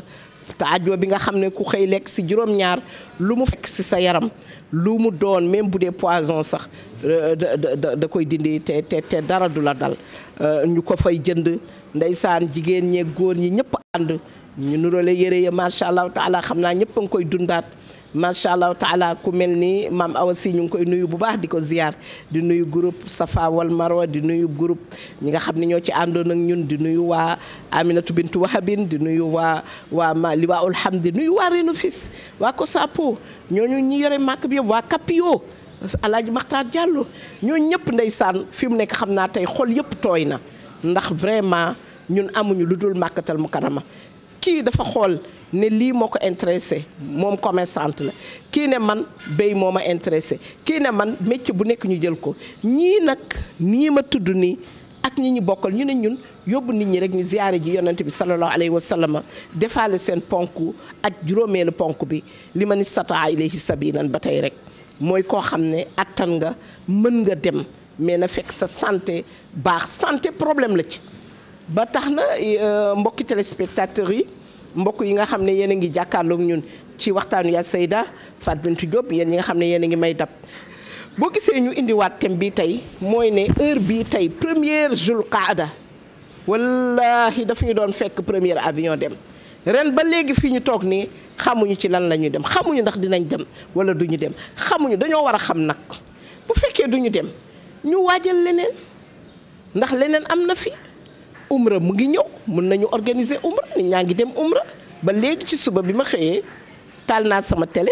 te ajoo bi nga xam ne ku xëy lekk si juróom-ñaar lu mu fekk si sa yaram lu mu doon même bu dee poison sax euh, da da koy dindi te te dara du la dal euh, ñu ko fay jënd ndeysaan jigéen ñee góor ñi ñëpp ànd ñu nurale yére ya macha allah taala xam naa ñëpp a ngi koy dundaat. macha allah taala ku mel ni maam Awa si ñu ngi koy nuyu bu baax di ko ziar di nuyu groupe Safa wal Marwa di nuyu group ñi nga xam ne ñoo ci àndoon ak ñun di nuyu waa Aminatu Bintu Wahabin di nuyu waa waa ma Liwaul xam di nuyu waa Renofis waa ñoo ñooñu ñi yore màkk bi yëpp waa Kapio Alaaji Maxtaar Diallo ñooñu ñëpp ndeysaan fi mu nekk xam naa tey xool yëpp tooy na ndax vraiment ñun amuñu lu dul màkkatal mukarama kii dafa xool. ne lii moo ko intéressé moom commerçante la kii ne man béy moo ma intéressé kii ne man métier bu nekk ñu jël ko ñii nag nii ma tudd nii ak ñi ñu bokkal ñu ne ñun yóbbu nit ñi rek ñu ziyaare ji yonante bi sallallahu alay wa sallam defaale seen ponk ak juróomeelu ponk bi li ma ni sataa ilayhi sabilan ba tey rek mooy koo xam ne attan nga mën nga dem mais na fekk sa santé baax santé problème la ci ba tax na euh, mbokki téléspectateurs yi mbokk yi nga xam ne yéen a ngi jàkkaarloog ñun ci waxtaanu Ya Sayda Fatou Bintou Diop yéen ñi nga xam ne yéen a ngi may dab boo gisee ñu indiwaat thème bi tey mooy ne heure bii tey première Zul Qaada wallahi daf ñu doon fekk première avion dem ren ba léegi fii ñu toog nii xamuñu ci lan la ñuy dem xamuñu ndax dinañ dem wala duñu dem xamuñu dañoo war a xam nag bu fekkee duñu dem ñu waajal leneen ndax leneen am na fi. umra mu ngi ñëw mun nañu organiser umra nit ñaa ngi dem umra ba léegi ci suba bi ma xëyee taal naa sama tele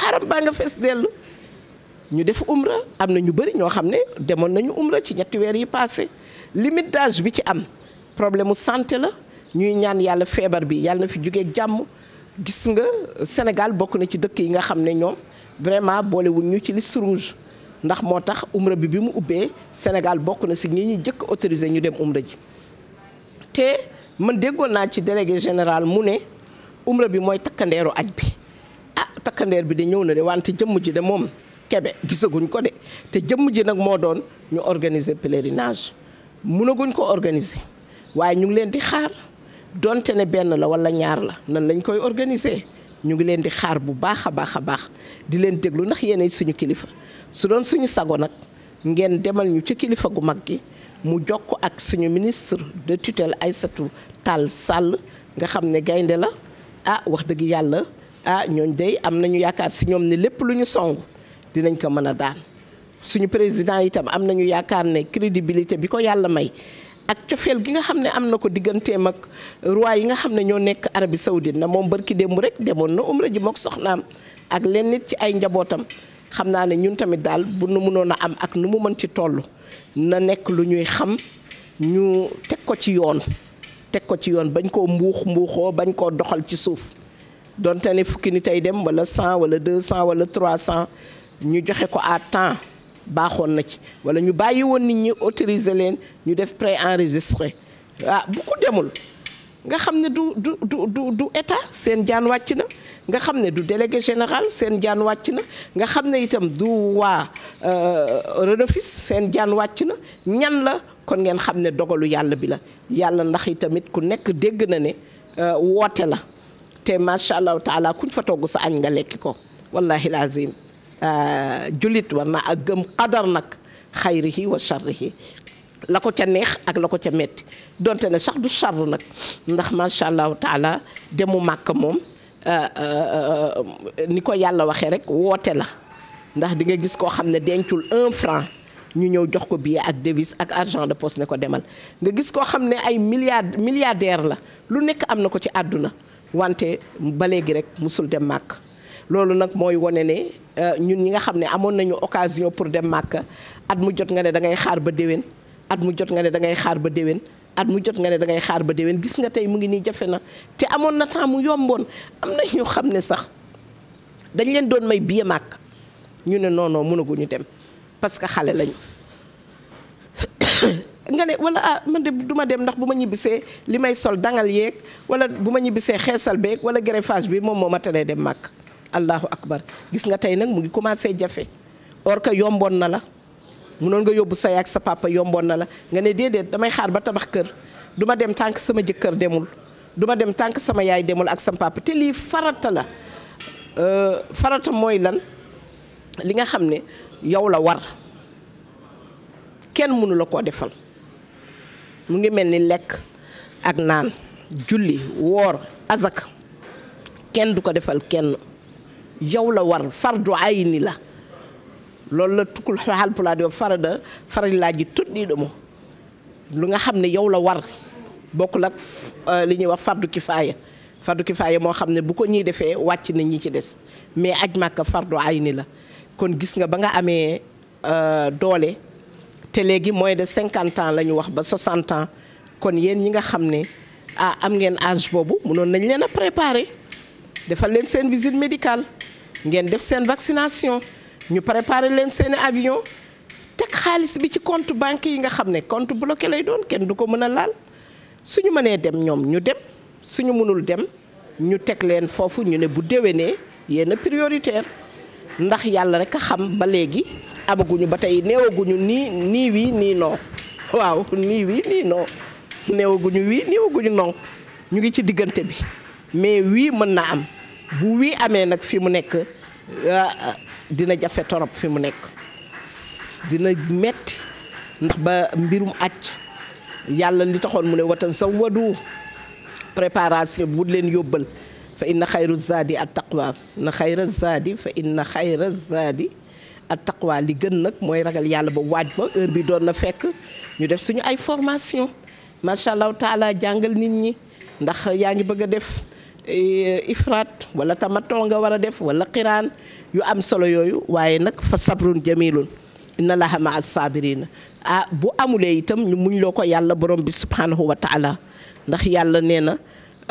xaram baa nga fees dellu ñu def umra am na ñu bëri ñoo xam ne demoon nañu umra ci ñetti weer yi passé limite d'âge bi ci am problème mu santé la ñuy ñaan yàlla feebar bi yàlla na fi jógee jàmm gis nga Sénégal bokk na ci dëkk yi nga xam ne ñoom vraiment boolewul ñu ci liste rouge ndax moo tax umra bi bi mu ubbee Sénégal bokk na si ñi ñu jëkk autorisé ñu dem umra ji te man déggoon naa ci délégué général mu ne umra bi mooy takkandeeru aj bi ah takkandeer bi de ñëw na de wante jëmm ji de moom kebe gisaguñ ko de te jëmm ji nag moo doon ñu organiser pèlerinage munaguñ ko organiser waaye ñu ngi leen di xaar donte ne benn la wala ñaar la nan lañ koy organiser ñu ngi leen di xaar bu baax a baax a baax di leen déglu ndax yéenay suñu kilifa su doon suñu sago nag ngeen demal ñu ci kilifa gu mag gi mu jokk ak suñu ministre de tutelle Aïssatou Tall Sall nga xam ne gaynde la ah wax dëgg yàlla ah ñooñ day am nañu yaakaar si ñoom ne lépp lu ñu song dinañ ko mën a daan suñu président itam am nañu yaakaar ne crédibilité bi ko yàlla may ak cofeel gi nga xam ne am na ko digganteem ak roi yi nga xam ne ñoo nekk Arabie Saoudite na moom barki démb rek demoon na umra ji mook soxnaam ak leen nit ci ay njabootam xam naa ne ñun tamit daal bu nu mënoon a am ak nu mu mën ci toll na nekk lu ñuy xam ñu teg ko ci yoon teg ko ci yoon bañ koo mbuux mbuuxoo bañ koo doxal ci suuf donte ne fukki ni tey dem wala 100 wala 200 wala cent ñu joxe ko à temps baaxoon na ci wala ñu bàyyi woon nit ñi autoriser leen ñu def pré-enregistré ah bu ko demul nga xam ne du du du du état seen jaan wàcc na nga xam ne du délégué général seen jaan wàcc na nga xam ne itam du waa euh, Renefis seen jaan wàcc na ñan la kon ngeen xam ne dogalu yàlla bi la yàlla ndax i tamit ku nekk dégg na ne euh, woote la te macha allahu taala kuñ fa togg sa añ nga lekki ko wallahi lazim euh, julit war ak gëm qadar nag xayrihi wa charrihi la ko ca neex ak la ko ca metti donte ne sax du charr nag ndax macha allahu taala demu màkk moom ni ko yàlla waxee rek woote la ndax di nga gis koo xam ne dencul un franc ñu ñëw jox ko billet ak devise ak argent de poste ne ko demal nga gis koo xam ne ay milliard milliardaire la lu nekk am na ko ci àdduna wante ba léegi rek musul dem màkk loolu nag mooy wane ne euh, ñun ñi nga xam ne amoon nañu occasion pour dem màkk at mu jot nga ne da ngay xaar ba déwén at mu jot nga ne da ngay xaar ba déwén at mu jot nga ne dangay xaar ba déwén gis nga tey mu ngi nii jafe na te amoon na temps mu yomboon am na ñu xam ne sax dañ leen doon may billet màkk ñu ne non non ñu dem parce que xale lañu [COUGHS] nga ne wala a ah, man de du ma dem ndax bu ma ñibbisee li may sol dangal yeeg wala bu ma ñibbisee xeesal beeg wala greffage bi moom moo ma teree dem màkk allahu akbar gis nga tey nag mu ngi commencé jafe or que yomboon na la. munoon nga yóbbu say ak sa papa yomboon na la nga ne déedéet damay xaar ba tabax kër duma dem tànk sama jëkkër demul duma dem tànk sama yaay demul ak sama papa te lii farata la euh, farata mooy lan li nga xam ne yow la war kenn mënu la koo defal mu ngi mel ni lekk ak naan julli woor azak kenn du ko defal kenn yow la war fardu ayni la loolu la tukkul haalpulaar yo farada farallaaji toɗɗiɗo mo lu nga xam ne yow la war bokkul ak euh, li ñuy wax fardu kifaaya fardu kifaaya moo xam ne bu ko ñuy defee wàcc na ñi ci des mais aj màkka fardu ni la kon gis nga ba nga amee euh, doole te léegi mooy de cinquante ans la ñu wax ba soixante ans kon yéen ñi nga xam ne ah am ngeen âge boobu mënoon nañ leen a préparer defal leen seen visite médicale ngeen def seen vaccination ñu préparé leen seeni avion teg xaalis bi ci compte banque yi nga xam ne compte bloqué lay doon kenn du ko mën a laal suñu mënee dem ñoom ñu dem suñu mënul dem ñu teg leen foofu ñu ne bu déwénee yéen a prioritaire ndax yàlla rek a xam ba léegi amaguñu ba tey néewaguñu nii nii wii nii noo waaw nii wii nii non néewaguñu wii néewaguñu non ñu ngi ci diggante bi mais wii mën na am bu wii amee nag fi mu nekk euh, dina jafe torop fi mu nekk dina metti ndax ba mbirum aj yàlla li taxoon mu ne watan sa wadu préparation bu leen yóbbal fa inna xayru zaadi at taqwa na xayra zaadi fa inna xayra zaadi at taqwa li gën nag mooy ragal yàlla ba waaj ba heure bi doon na fekk ñu def suñu ay formation macha allah taala jàngal nit ñi ndax yaa ñu bëgg a def Eh, ifraat wala tamatoo nga war a def wala xiraan yu am solo yooyu waaye nag fa sabrun jamilun inna laha ma as sabirina ah bu amulee itam ñu muñ loo ko yàlla borom bi subhanahu wa taala ndax yàlla nee na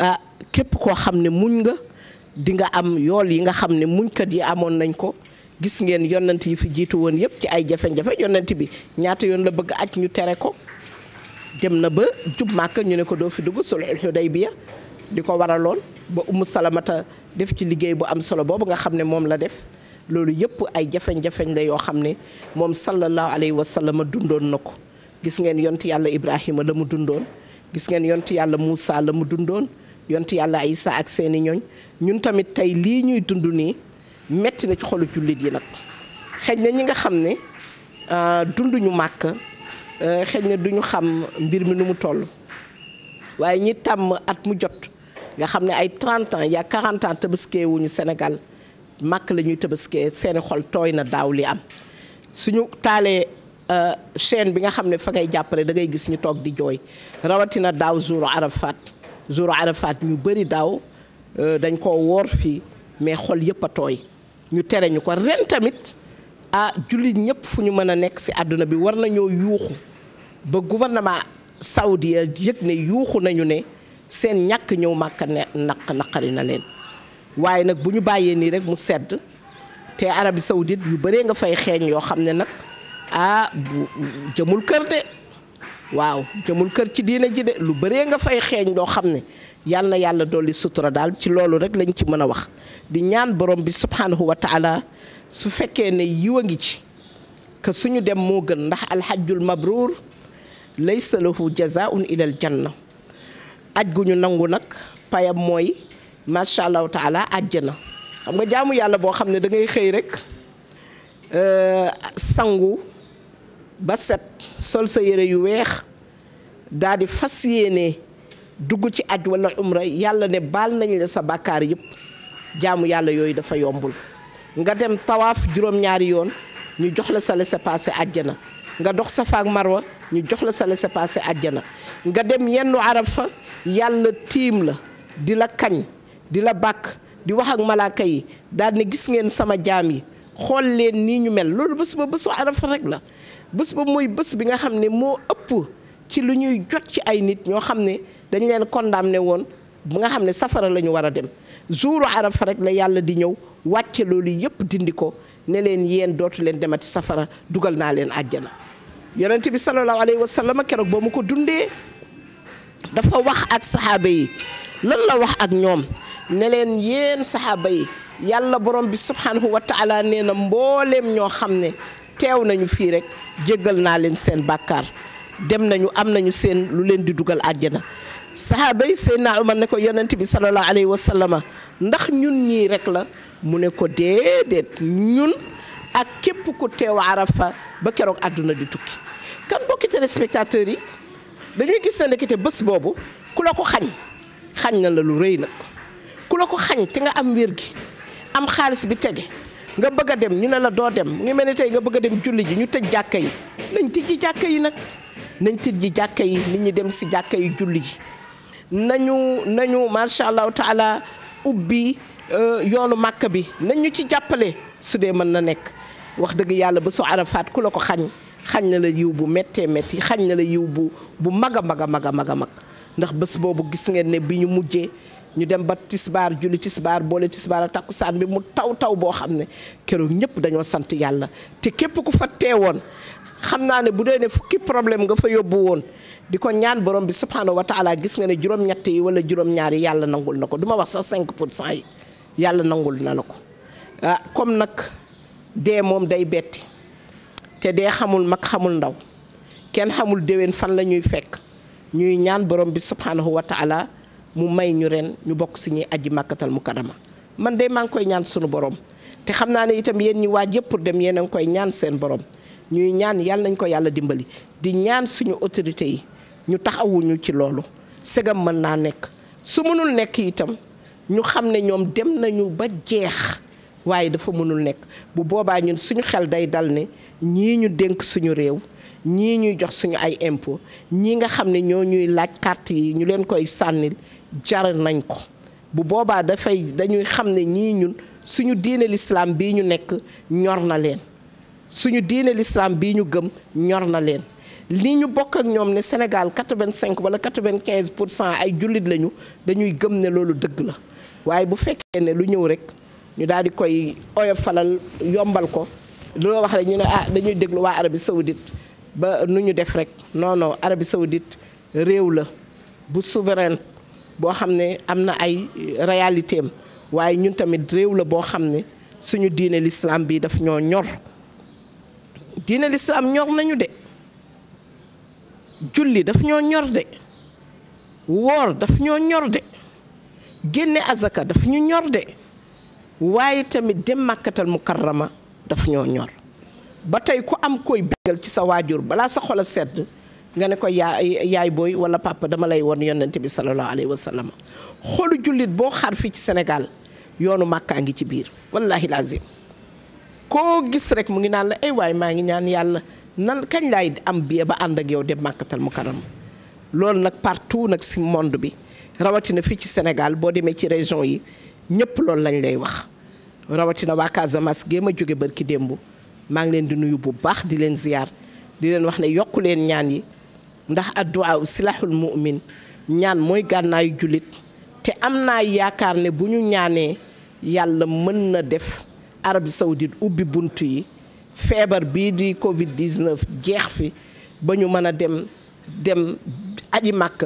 a ah, képp koo xam ne muñ nga di nga am yool yi nga xam ne muñkat yi amoon nañ ko gis ngeen yonent yi fi jiitu woon yëpp ci ay jafe-jafe yonent bi ñaata yoon la bëgg aj ñu tere ko dem na ba jub màkk ñu ne ko doo fi dugg sulhul Hudaybiya di ko waraloon ba umu salamata def ci liggéey bu am solo boobu nga xam ne moom la def loolu yëpp ay jafeñ-jafeñ la yoo xam ne moom sallallahu alayhi wa sallam dundoon na ko gis ngeen yonti yàlla Ibrahima la mu dundoon gis ngeen yonti yàlla Moussa la mu dundoon yonti yàlla Isa ak seeni ñooñ ñun tamit tey lii ñuy dund nii metti na ci xolu jullit yi nag xëy na ñi nga xam ne euh, dunduñu màkk euh, xëy na duñu xam mbir mi nu mu toll waaye ñi tàmm at mu jot nga xam ne ay 30 ans yaa 40 ans tabaskee wuñu Sénégal màkk seeni xol tooy na daaw li am suñu taalee euh, chaîne bi nga xam ne fa ngay jàppale da ngay gis ñu toog di jooy rawatina daaw jour Arafat jour Arafat ñu bëri daaw euh, dañ koo woor fii mais xol yëpp a tooy ñu tere ñu ko ren tamit ah jullit ñëpp fu ñu mën a nekk si àdduna bi war nañoo yuuxu ba gouvernement saoudien yëg ne yuuxu nañu ne seen ñàkk ñëw màkka ne naq naqari na leen waaye nag bu ñu bàyyee nii rek mu sedd te arabi sawdit yu baree nga fay xeeñ yoo xam ne nag ah bu jëmul kër de waaw jëmul kër ci diina ji de lu baree nga fay xeeñ loo xam ne yal na yàlla dolli sutura daal ci loolu rek lañu ci mën a wax di ñaan borom bi subhanahu wa taala su fekkee ne yiw a ngi ci que suñu dem moo gën ndax alhajjul mabruur laysa lahu jazaun ilal janna aj gu ñu nangu nag payam mooy macha allah taala ajjana xam nga jaamu yàlla boo xam ne dangay xëy rek euh, sangu ba set sol sa yére yu weex daal di fas yéene dugg ci aj wala umra yàlla ne baal nañu la sa bàkkaar yëpp jaamu yàlla yooyu dafa yombul nga dem tawaaf juróom-ñaari yoon ñu jox la sa laissez-passer àjjana nga dox Safa ak Marwa ñu jox la sa laissez-passer nga dem yennu Arafa yàlla tiim la di la kañ di la bàkk di wax ak malaaka yi daal ne gis ngeen sama jaam yi xool leen nii ñu mel loolu bés ba bésu arafa rek la bés ba mooy bés bi nga xam ne moo ëpp ci lu ñuy jot ci ay nit ñoo xam ne dañ leen ne woon bu nga xam ne safara lañu war a dem jouru arafa rek la yàlla di ñëw wàcce loolu yëpp dindi ko ne leen yéen dootu leen demati safara dugal naa leen àjjana yonent bi sallallahu alayhi wa keroog ba mu ko dundee dafa wax ak saxaaba yi lan la wax ak ñoom ne leen yéen saxaaba yi yàlla borom bi subhanahu wa taala nee na mbooleem ñoo xam ne teew nañu fii rek jéggal naa leen seen bàkkaar dem nañu am nañu seen lu leen di dugal àjjana saxaaba yi Seydina Umar ne ko yonent bi sallallahu alayhi wa sallama ndax ñun ñii rek la mu ne ko déedéet ñun ak képp ku teew arafa ba keroog àdduna di tukki kan mbokki téléspectateurs yi dañuy gis ne ndekete bés boobu ku la ko xañ xañ nga la lu rëy nag ku la ko xañ te nga am wér gi am xaalis bi tege nga bëgg a dem ñu ne la doo dem mu ngi mel ni tey nga bëgg a dem julli ji ñu tëj jàkka yi nañ tijji jàkka yi nag nañ tijji jàkka yi nit ñi dem si jàkka yi julli ji nañu nañu macha allahu taala ubbi euh, yoonu màkk bi nañ ñu ci jàppale su dee mën na nekk wax dëgg yàlla ba su arafaat ku la ko xañ xañ na la yiw bu méttee métti xañ na la yiw bu bu mag a mag a mag a mag a mag ndax bés boobu gis ngeen ne bi ñu mujjee ñu dem ba tisbaar julli tisbaar boole tisbaar ak takkusaan bi mu taw taw boo xam ne keroog ñëpp dañoo sant yàlla te képp ku fa teewoon xam naa ne bu dee ne fukki problème nga fa yóbbu woon di ko ñaan borom bi subhaanahu wa taala gis nga ne juróom-ñett yi wala juróom-ñaar yi yàlla nangul na ko duma wax sa 5 pour cent yi yàlla nangul na la ko ah comme nag dee moom day betti. te dee xamul mag xamul ndaw kenn xamul déwén fan la ñuy fekk ñuy ñaan borom bi subhaanahu wa taala mu may ñu ren ñu bokk si ñuy aji màkkatal mukarama man de maa ngi koy ñaan sunu borom te xam naa ne itam yéen ñi waaj yëpp dem yéen a ngi koy ñaan seen borom ñuy ñaan yàlla nañ ko yàlla dimbali di ñaan suñu autorité yi ñu taxawuñu ci loolu segam mën naa nekk su mënul nekk itam ñu xam ne ñoom dem nañu ba jeex waaye dafa mënul nekk bu boobaa ñun suñu xel day dal ne ñii ñu dénk suñu réew ñii ñuy jox suñu ay impôt ñii nga xam ne ñoo ñuy laaj carte yi ñu leen koy sànnil jar nañ ko bu boobaa dafay dañuy xam ne ñii ñun suñu diine lislaam bii ñu nekk ñor na leen suñu diine lislaam bii ñu gëm ñor na leen li ñu bokk ak ñoom ne Sénégal 85 wala 95 pour cent ay jullit lañu dañuy gëm ne loolu dëgg la waaye bu fekkee ne lu ñëw rek ñu daal di koy oyofalal yombal ko loo wax rek ñu ne ah dañuy déglu waa Arabie Saoudite ba nu ñu def rek non non Arabie Saoudite réew la bu soveren boo xam ne am na ay réalité waaye ñun tamit réew la boo xam ne suñu diine l'islam bii daf ñoo ñor diine l'islam ñor nañu de julli daf ñoo ñor de woor daf ñoo ñor de génne azaka daf ñu ñor de waaye tamit dem màkkatal mukarrama daf ñoo ñor ba tey ku am koy bégal ci sa waajur balaa sa xol a sedd nga ne ko yaa yaay booy wala papa dama lay woon yonent bi sallallahu alayhi wa sallam xolu jullit boo xar fii ci senegal yoonu màkkaa ngi ci biir wallahi lazim koo gis rek mu ngi naan la ay waay maa ngi ñaan yàlla nan kañ laay am bi ba ànd ak yow dem màkkatal mukarrama loolu nag partout nag si monde bi rawatina fii ci senegal boo demee ci région yi ñëpp loolu lañ lay wax rawatina waa Casamance géem a jóge barki démb maa ngi leen di nuyu bu baax di leen ziyaar di leen wax ne yokk leen ñaan yi ndax adduwaaw silahul mu'min ñaan mooy gànnaayu jullit te am naa yaakaar ne bu ñu ñaanee yàlla mën na def Arabie Saoudite ubbi bunt yi feebar bii di Covid 19 jeex fi ba ñu mën a dem dem aji màkk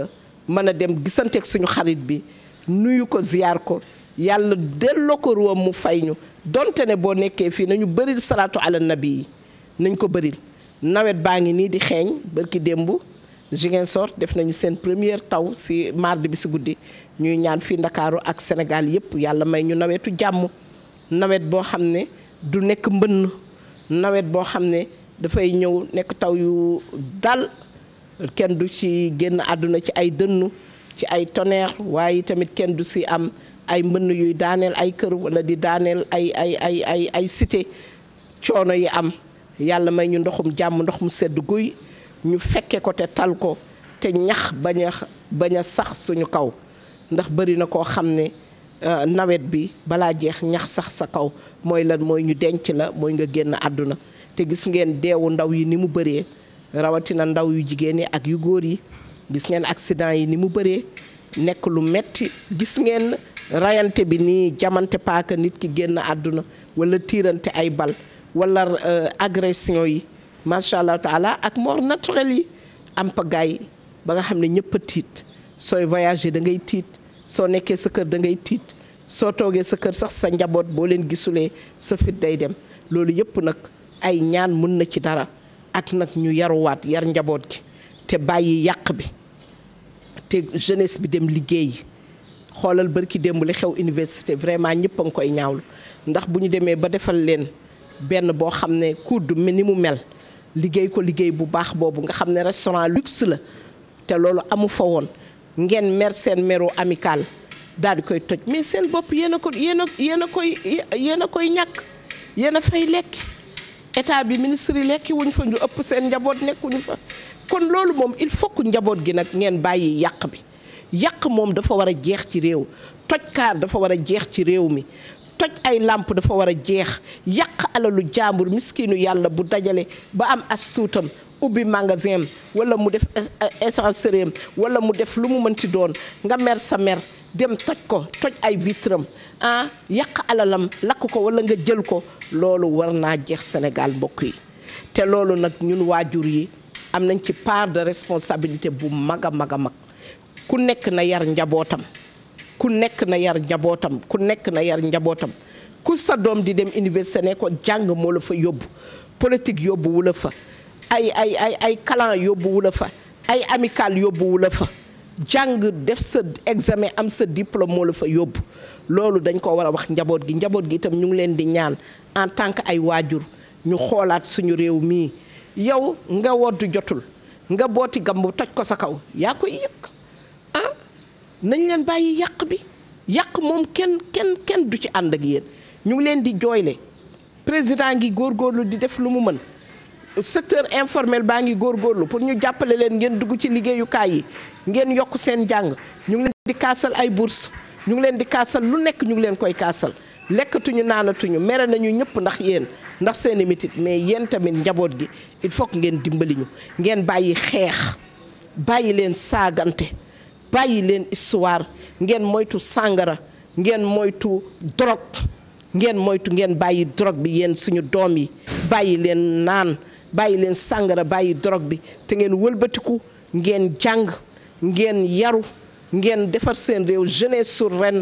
mën a dem gisanteek suñu xarit bi nuyu ko ziyaar ko yàlla delloo ko ruwam mu fay ñu donte ne boo nekkee fii nañu bëril salaatu ala nabi yi nañ ko bëril nawet baa ngi nii di xeeñ bërki démb Ziguinchor def nañu seen première taw si mardi bi si guddi ñuy ñaan fii Ndakaaru ak Sénégal yëpp yàlla may ñu nawetu jàmm nawet boo xam ne du nekk mbënn nawet boo xam ne dafay ñëw nekk taw yu dal kenn du ci génn àdduna ci ay dënnu ci ay tonnerre waaye tamit kenn du si am ay mbënn yuy daaneel ay kër wala di daaneel ay ay ay ay ay cité coono yi am yàlla may ñu ndoxum jàmm ndox mu sedd guy ñu fekke ko te tal ko te ñax bañ bañ a sax suñu kaw ndax bëri na koo xam ne euh, nawet bi balaa jeex ñax sax sa kaw mooy lan mooy ñu denc la mooy nga génn àdduna te gis ngeen deewu ndaw yi ni mu bëree rawatina ndaw yu jigéen yi ak yu góor yi gis ngeen accident yi ni mu bëree nekk lu metti gis ngeen rayante bi nii jamante paaka nit ki génn àdduna wala tiirante ay bal wala euh, agression yi macha allah taala ak mort naturelle yi am pagaay ba nga xam ne ñëpp a tiit sooy voyager da ngay tiit soo nekkee sa kër da ngay tiit soo toogee sa kër sax sa njaboot boo leen gisulee sa fit day dem loolu yëpp nag ay ñaan mën na ci dara ak nag ñu yaruwaat yar njaboot gi te bàyyi yàq bi te jeunesse bi dem liggéey xoolal bërki démb li xew université vraiment ñëpp a ngi koy ñaawlu ndax bu ñu demee ba defal leen benn boo xam ne kudd ni mu mel liggéey ko liggéey bu baax boobu nga xam ne restaurant luxe la te loolu amu fa woon ngeen mer seen mero amical daal di koy toj mais seen bopp yéen a ko yéen a yéen a koy yéen a koy ñàkk yéen a fay lekk état bi ministre yi lekki fa ñu ëpp seen njaboot nekkuñu fa kon loolu moom il faut que njaboot gi nag ngeen bàyyi yàq bi yàq moom dafa war a jeex ci réew toj kaar dafa war a jeex ci réew mi toj ay làmp dafa war a jeex yàq alalu jaambur miskinu yàlla bu dajalee ba am astuutam ubbi magasin wala mu def essencerie wala mu def lu mu mënti doon nga mer sa mer dem toj ko toj ay vitram ah yàq alalam lakk ko wala nga jël ko loolu war naa jeex Sénégal mbokk yi te loolu nag ñun waajur yi am nañ ci part de responsabilité bu mag a mag a mag ku nekk na yar njabootam ku nekk na yar njabootam ku nekk na yar njabootam ku sa doom di dem université ne ko jàng moo la fa yóbbu politique yóbbu wula fa ay ay ay ay clan yóbbu wu fa ay amical yóbbu wu la fa jàng def sa examen am sa diplôme moo la fa yóbbu loolu dañ ko war a wax njaboot gi njaboot gi itam ñu ngi leen di ñaan en tant que ay waajur ñu xoolaat suñu réew mii yow nga wodd jotul nga booti gambu toj ko sa kaw yaa koy yëg nañ leen bàyyi yàq bi yàq moom kenn kenn kenn du ci ànd ak yéen ñu ngi leen di jooyle président ngi góorlu di def lu mu mën secteur informel baa ngi góor góorlu pour ñu jàppale leen ngeen dugg ci liggéeyukaay yi ngeen yokk seen jàng ñu ngi leen di kaasal ay bourse ñu ngi leen di kaasal lu nekk ñu ngi leen koy kaasal lekkatuñu naanatuñu mere nañu ñëpp ndax yéen ndax seeni mitit mais yéen tamit njaboot gi il faut ngeen dimbali ñu ngeen bàyyi xeex bàyyi leen saagante bàyyi leen histoire ngeen moytu sàngara ngeen moytu drogue ngeen moytu ngeen bàyyi drogue bi yéen suñu doom yi bàyyi leen naan bàyyi leen sàngara bàyyi drogue bi te ngeen wëlbatiku ngeen jàng ngeen yaru ngeen defar seen réew jeunesse sur ren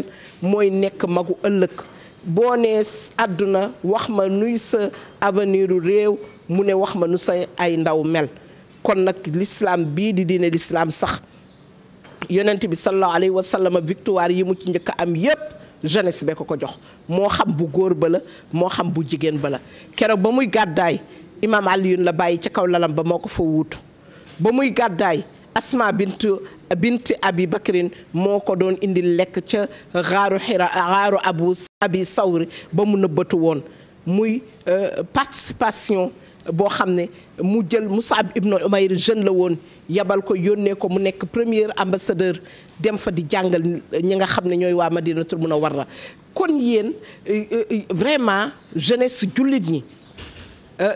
mooy nekk magu ëllëg boo nee àdduna wax ma nuy sa avenir u réew mu ne wax ma nu sa ay ndaw mel kon nag lislaam bii di diine l'islam sax yonent bi sallallahu alayhi wa sallam victoire yi mu ci njëkk am yépp jeunesse be ko ko jox moo xam bu góor ba la moo xam bu jigéen ba la keroog ba muy gàddaay imaam Aliyun la bàyyi ca kaw lalam ba moo ko fa wuutu ba muy gàddaay Asma bintu binti Abi Bakrin moo ko doon indil lekk ca xaaru xira xaaru abi sawri ba mu nëbbatu woon muy euh, participation boo xam ne mu jël Musab ibn Umayr jeune la woon yabal ko yónnee ko mu nekk première ambassadeur dem fa di jàngal ñi nga xam ne ñooy waa war Munawwara kon yéen euh, euh, euh, vraiment jeunesse jullit ñi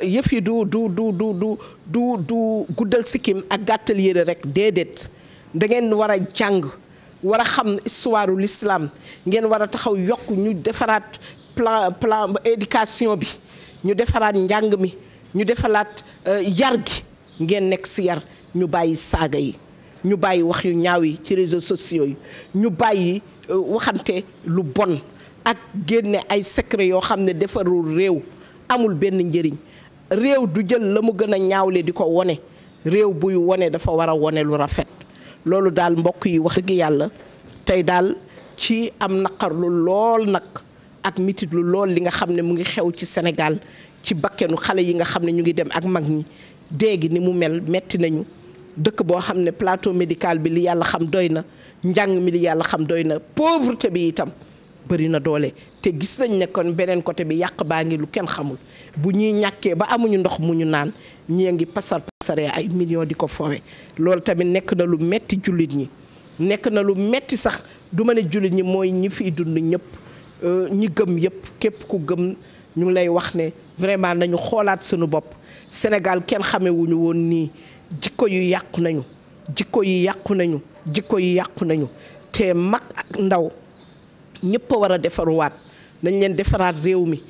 yëf yi du du du du du du du guddal sikkim ak gàttal yére rek déedéet da ngeen war a jàng war a xam histoire u l'islam ngeen war a taxaw yokk ñu defaraat plan plan éducation bi ñu defaraat njàng mi ñu defalaat euh, yar gi ngeen nekk si yar ñu bàyyi saaga yi ñu bàyyi wax yu ñaaw yi ci réseau sociaux yi ñu bàyyi euh, waxante lu bon ak génne ay secret yoo xam ne defarul réew amul benn njëriñ réew du jël la mu gën a leen di ko wone réew buy wone dafa war a wone lu rafet loolu daal mbokk yi wax dëgg yàlla tey daal ci am naqar lu lool nag ak mitit lu lool li nga xam ne mu ngi xew ci senegal ci bakkenu xale yi nga xam ne ñu ngi dem ak mag ñi déegi ni mu mel metti nañu dëkk boo xam ne plateau médical bi li yàlla xam doy na njàng mi li yàlla xam doy na pauvreté bi itam bëri na doole te gis nañ ne kon beneen côté bi yàq baa ngi lu kenn xamul bu ñuy ñàkkee ba amuñu ndox mu ñu naan ñii ngi pasar pasaree ay millions di ko fowe loolu tamit nekk na lu metti jullit ñi nekk na lu metti sax du ma ne jullit ñi mooy ñi fiy dund ñëpp euh, ñi gëm yëpp képp ku gëm ñu ngi lay wax ne vraiment nañu xoolaat suñu bopp Sénégal kenn xamewuñu woon nii jikko yu yàqu nañu jikko yu yàqu nañu jikko yu yàqu nañu te mag ak ndaw ñëpp a war a defaruwaat nañ leen defaraat réew mi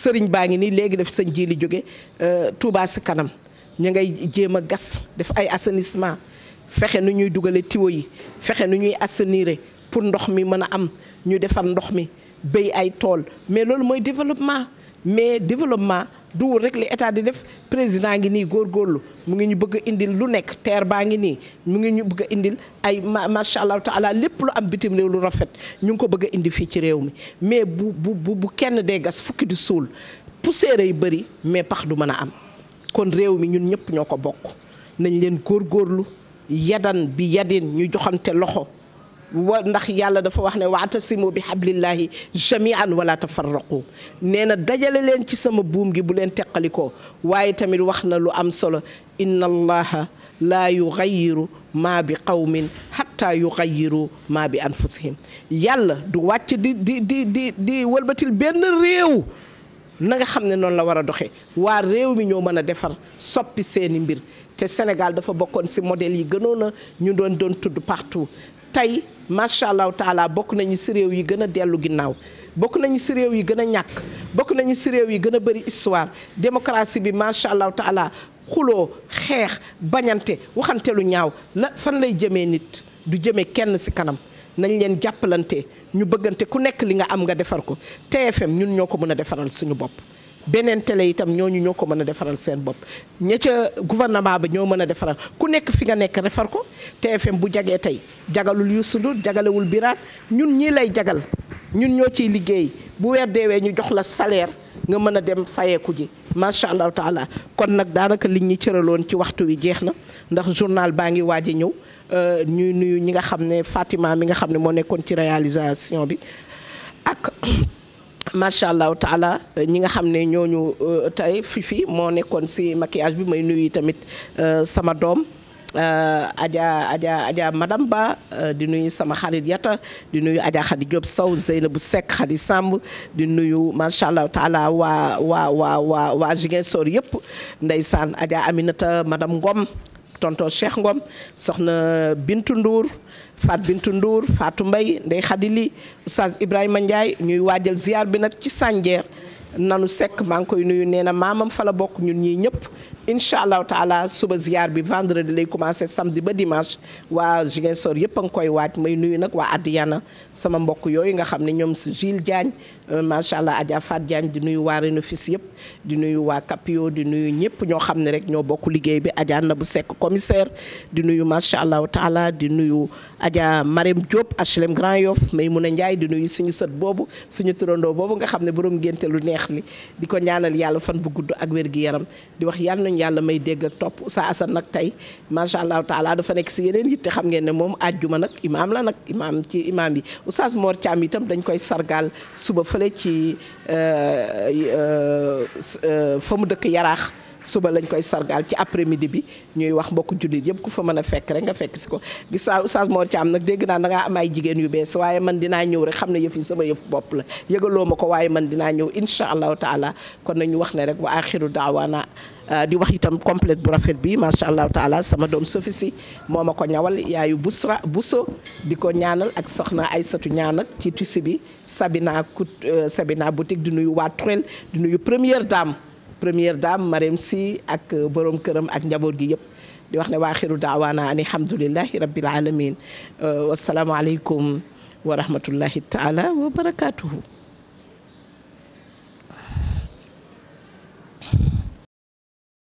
sëriñ baa ngi nii léegi def sëñ jiili li jóge euh, Touba si kanam ñu ngay jéem a gas def ay assainissement fexe nu ñuy dugale tiwo yi fexe nu ñuy assainir pour ndox mi mën a am ñu defar ndox mi béy ay tool mais loolu mooy développement mais développement duwul rek li état di def président ngi nii góor góorlu mu ngi ñu bëgg indil lu nekk terre baa ngi nii mu ngi ñu bëgg a indil ay macha allah taala lépp lu am bitim réew lu rafet ñu ngi ko bëgg indi fii ci réew mi mais bu bu bu kenn dee gas fukki di suul poussière yi bëri mais pax du mën a am kon réew mi ñun ñëpp ñoo ko bokk nañ leen góor góorlu yadan bi yadin ñu joxante loxo. wa ndax yàlla dafa wax ne waatasimu bi hablillahi jamian wala tafarraqu nee na dajale leen ci sama buum gi bu leen teqalikoo waaye tamit wax na lu am solo inna allaha laa yugayiru ma bi qawmin xatta yugayiru ma bi anfusihim yàlla du wàcc di di di di di wëlbatil benn réew na nga xam ne noonu la war a doxe waa réew mi ñoo mën a defar soppi seeni mbir te senegal dafa bokkoon ci modèle yi gënoon a ñu doon doon tudd partout tey macha allahu taala bokk nañu si réew yi gën a dellu ginnaaw bokk nañu si réew yi gën a ñàkk bokk nañu si réew yi gën a bëri histoire démocratie bi macha allahu taala xuloo xeex bañante waxante lu ñaaw la fan lay jëmee nit du jëmee kenn si kanam nañu leen jàppalante ñu bëggante ku nekk li nga am nga defar ko TFM ñun ñoo ko mën a defaral suñu bopp. beneen télé itam ñooñu ñoo ko mën a defaral seen bopp ña ca gouvernement ba ñoo mën a defaral ku nekk fi nga nekk defar ko TFM bu jagee tey jagalul yu Ndour jagalewul Birane ñun ñii lay jagal ñun ñoo ciy liggéey bu weer deewee ñu jox la salaire nga mën a dem fayeeku ji macha allahu taala kon nag daanaka liñ ñi cëraloon ci waxtu wi jeex na ndax journal baa ngi waaj a ñëw euh, ñuy nuyu ñi nga xam ne fatiment mi nga xam ne moo nekkoon ci réalisation bi macha allah taala ñi nga xam ne ñooñu euh, tey fifi moo nekkoon si maquillage bi may nuyu tamit euh, sama doom euh, Adja Adja Adja madam Ba di nuyu sama xarit yata di nuyu Adja Khady Diop Sow bu Seck Khady Samb di nuyu macha allah taala waa waa waa waa waa Ziguinchor yëpp ndeysaan Adja Aminata madame Ngom. tonton Cheikh Ngom soxna Bintu nduur Faat Bintu nduur Faatu Mbay Ndey Xadili Oustaz Ibrahima Ndiaye ñuy waajal ziar bi nag ci Sandière nanu sekk maa ngi koy nuyu nee na maamam fa la bokk ñun ñii ñëpp incha allahu taala suba ziar bi vendredi lay commencé samedi ba dimanche waa Ziguinchor yëpp a nga koy waaj may nuyu nag waa Adiyana sama mbokk yooyu nga xam ne ñoom si Gilles Diagne euh, macha allah Adja Fat Diagne di nuyu waa Renofis yëpp di nuyu waa Capio di nuyu ñëpp ñoo xam ne rek ñoo bokk liggéey bi Adja na bu sekk commissaire di nuyu macha allahu taala di nuyu Adja Marème Diop HLM Grand Yoff Maymouna Ndiaye di nuyu suñu sët boobu suñu turandoo boobu nga xam ne borom ngénte lu neex li di ko ñaanal yàlla fan bu gudd ak wér yàlla may dégg topp Oustaz Assane nag tey macha allah taala dafa nekk si yeneen yitte xam ngeen ne moom àjjuma nag imaam la nag imaam ci imaam yi Oustaz Mor caam itam dañ koy sargaal suba fële ci euh, euh, euh, fa mu dëkk yaraax suba lañ koy sargaal ci après midi bi ñuy wax mbokku jullit yëpp ku fa mën a fekk rek nga fekk si ko gis naa oustaz Mor Thiam nag dégg naa dangaa am ay jigéen yu bees waaye man dinaa ñëw rek xam ne yëf yi sama yëf bopp la yëgaloo ma ko waaye man dinaa ñëw incha allahu taala kon nañu wax ne rek wa axiru daawaana euh, di wax itam complète bu rafet bi macha allahu taala sama doom sofi si moo ma ko ñawal yaayu busra buso bi ko ñaanal ak soxna ay ñaan ak ci tissu bi Sabina ku euh, Sabina boutique di nuyu waa Tuel nuyu première dame première dame Marème Sy ak borom këram ak njaboot gi yëpp di wax ne waa xiru daawaana ani alhamdulilahi rabbil alamin wasalaamaaleykum wa rahmatullahi taala wa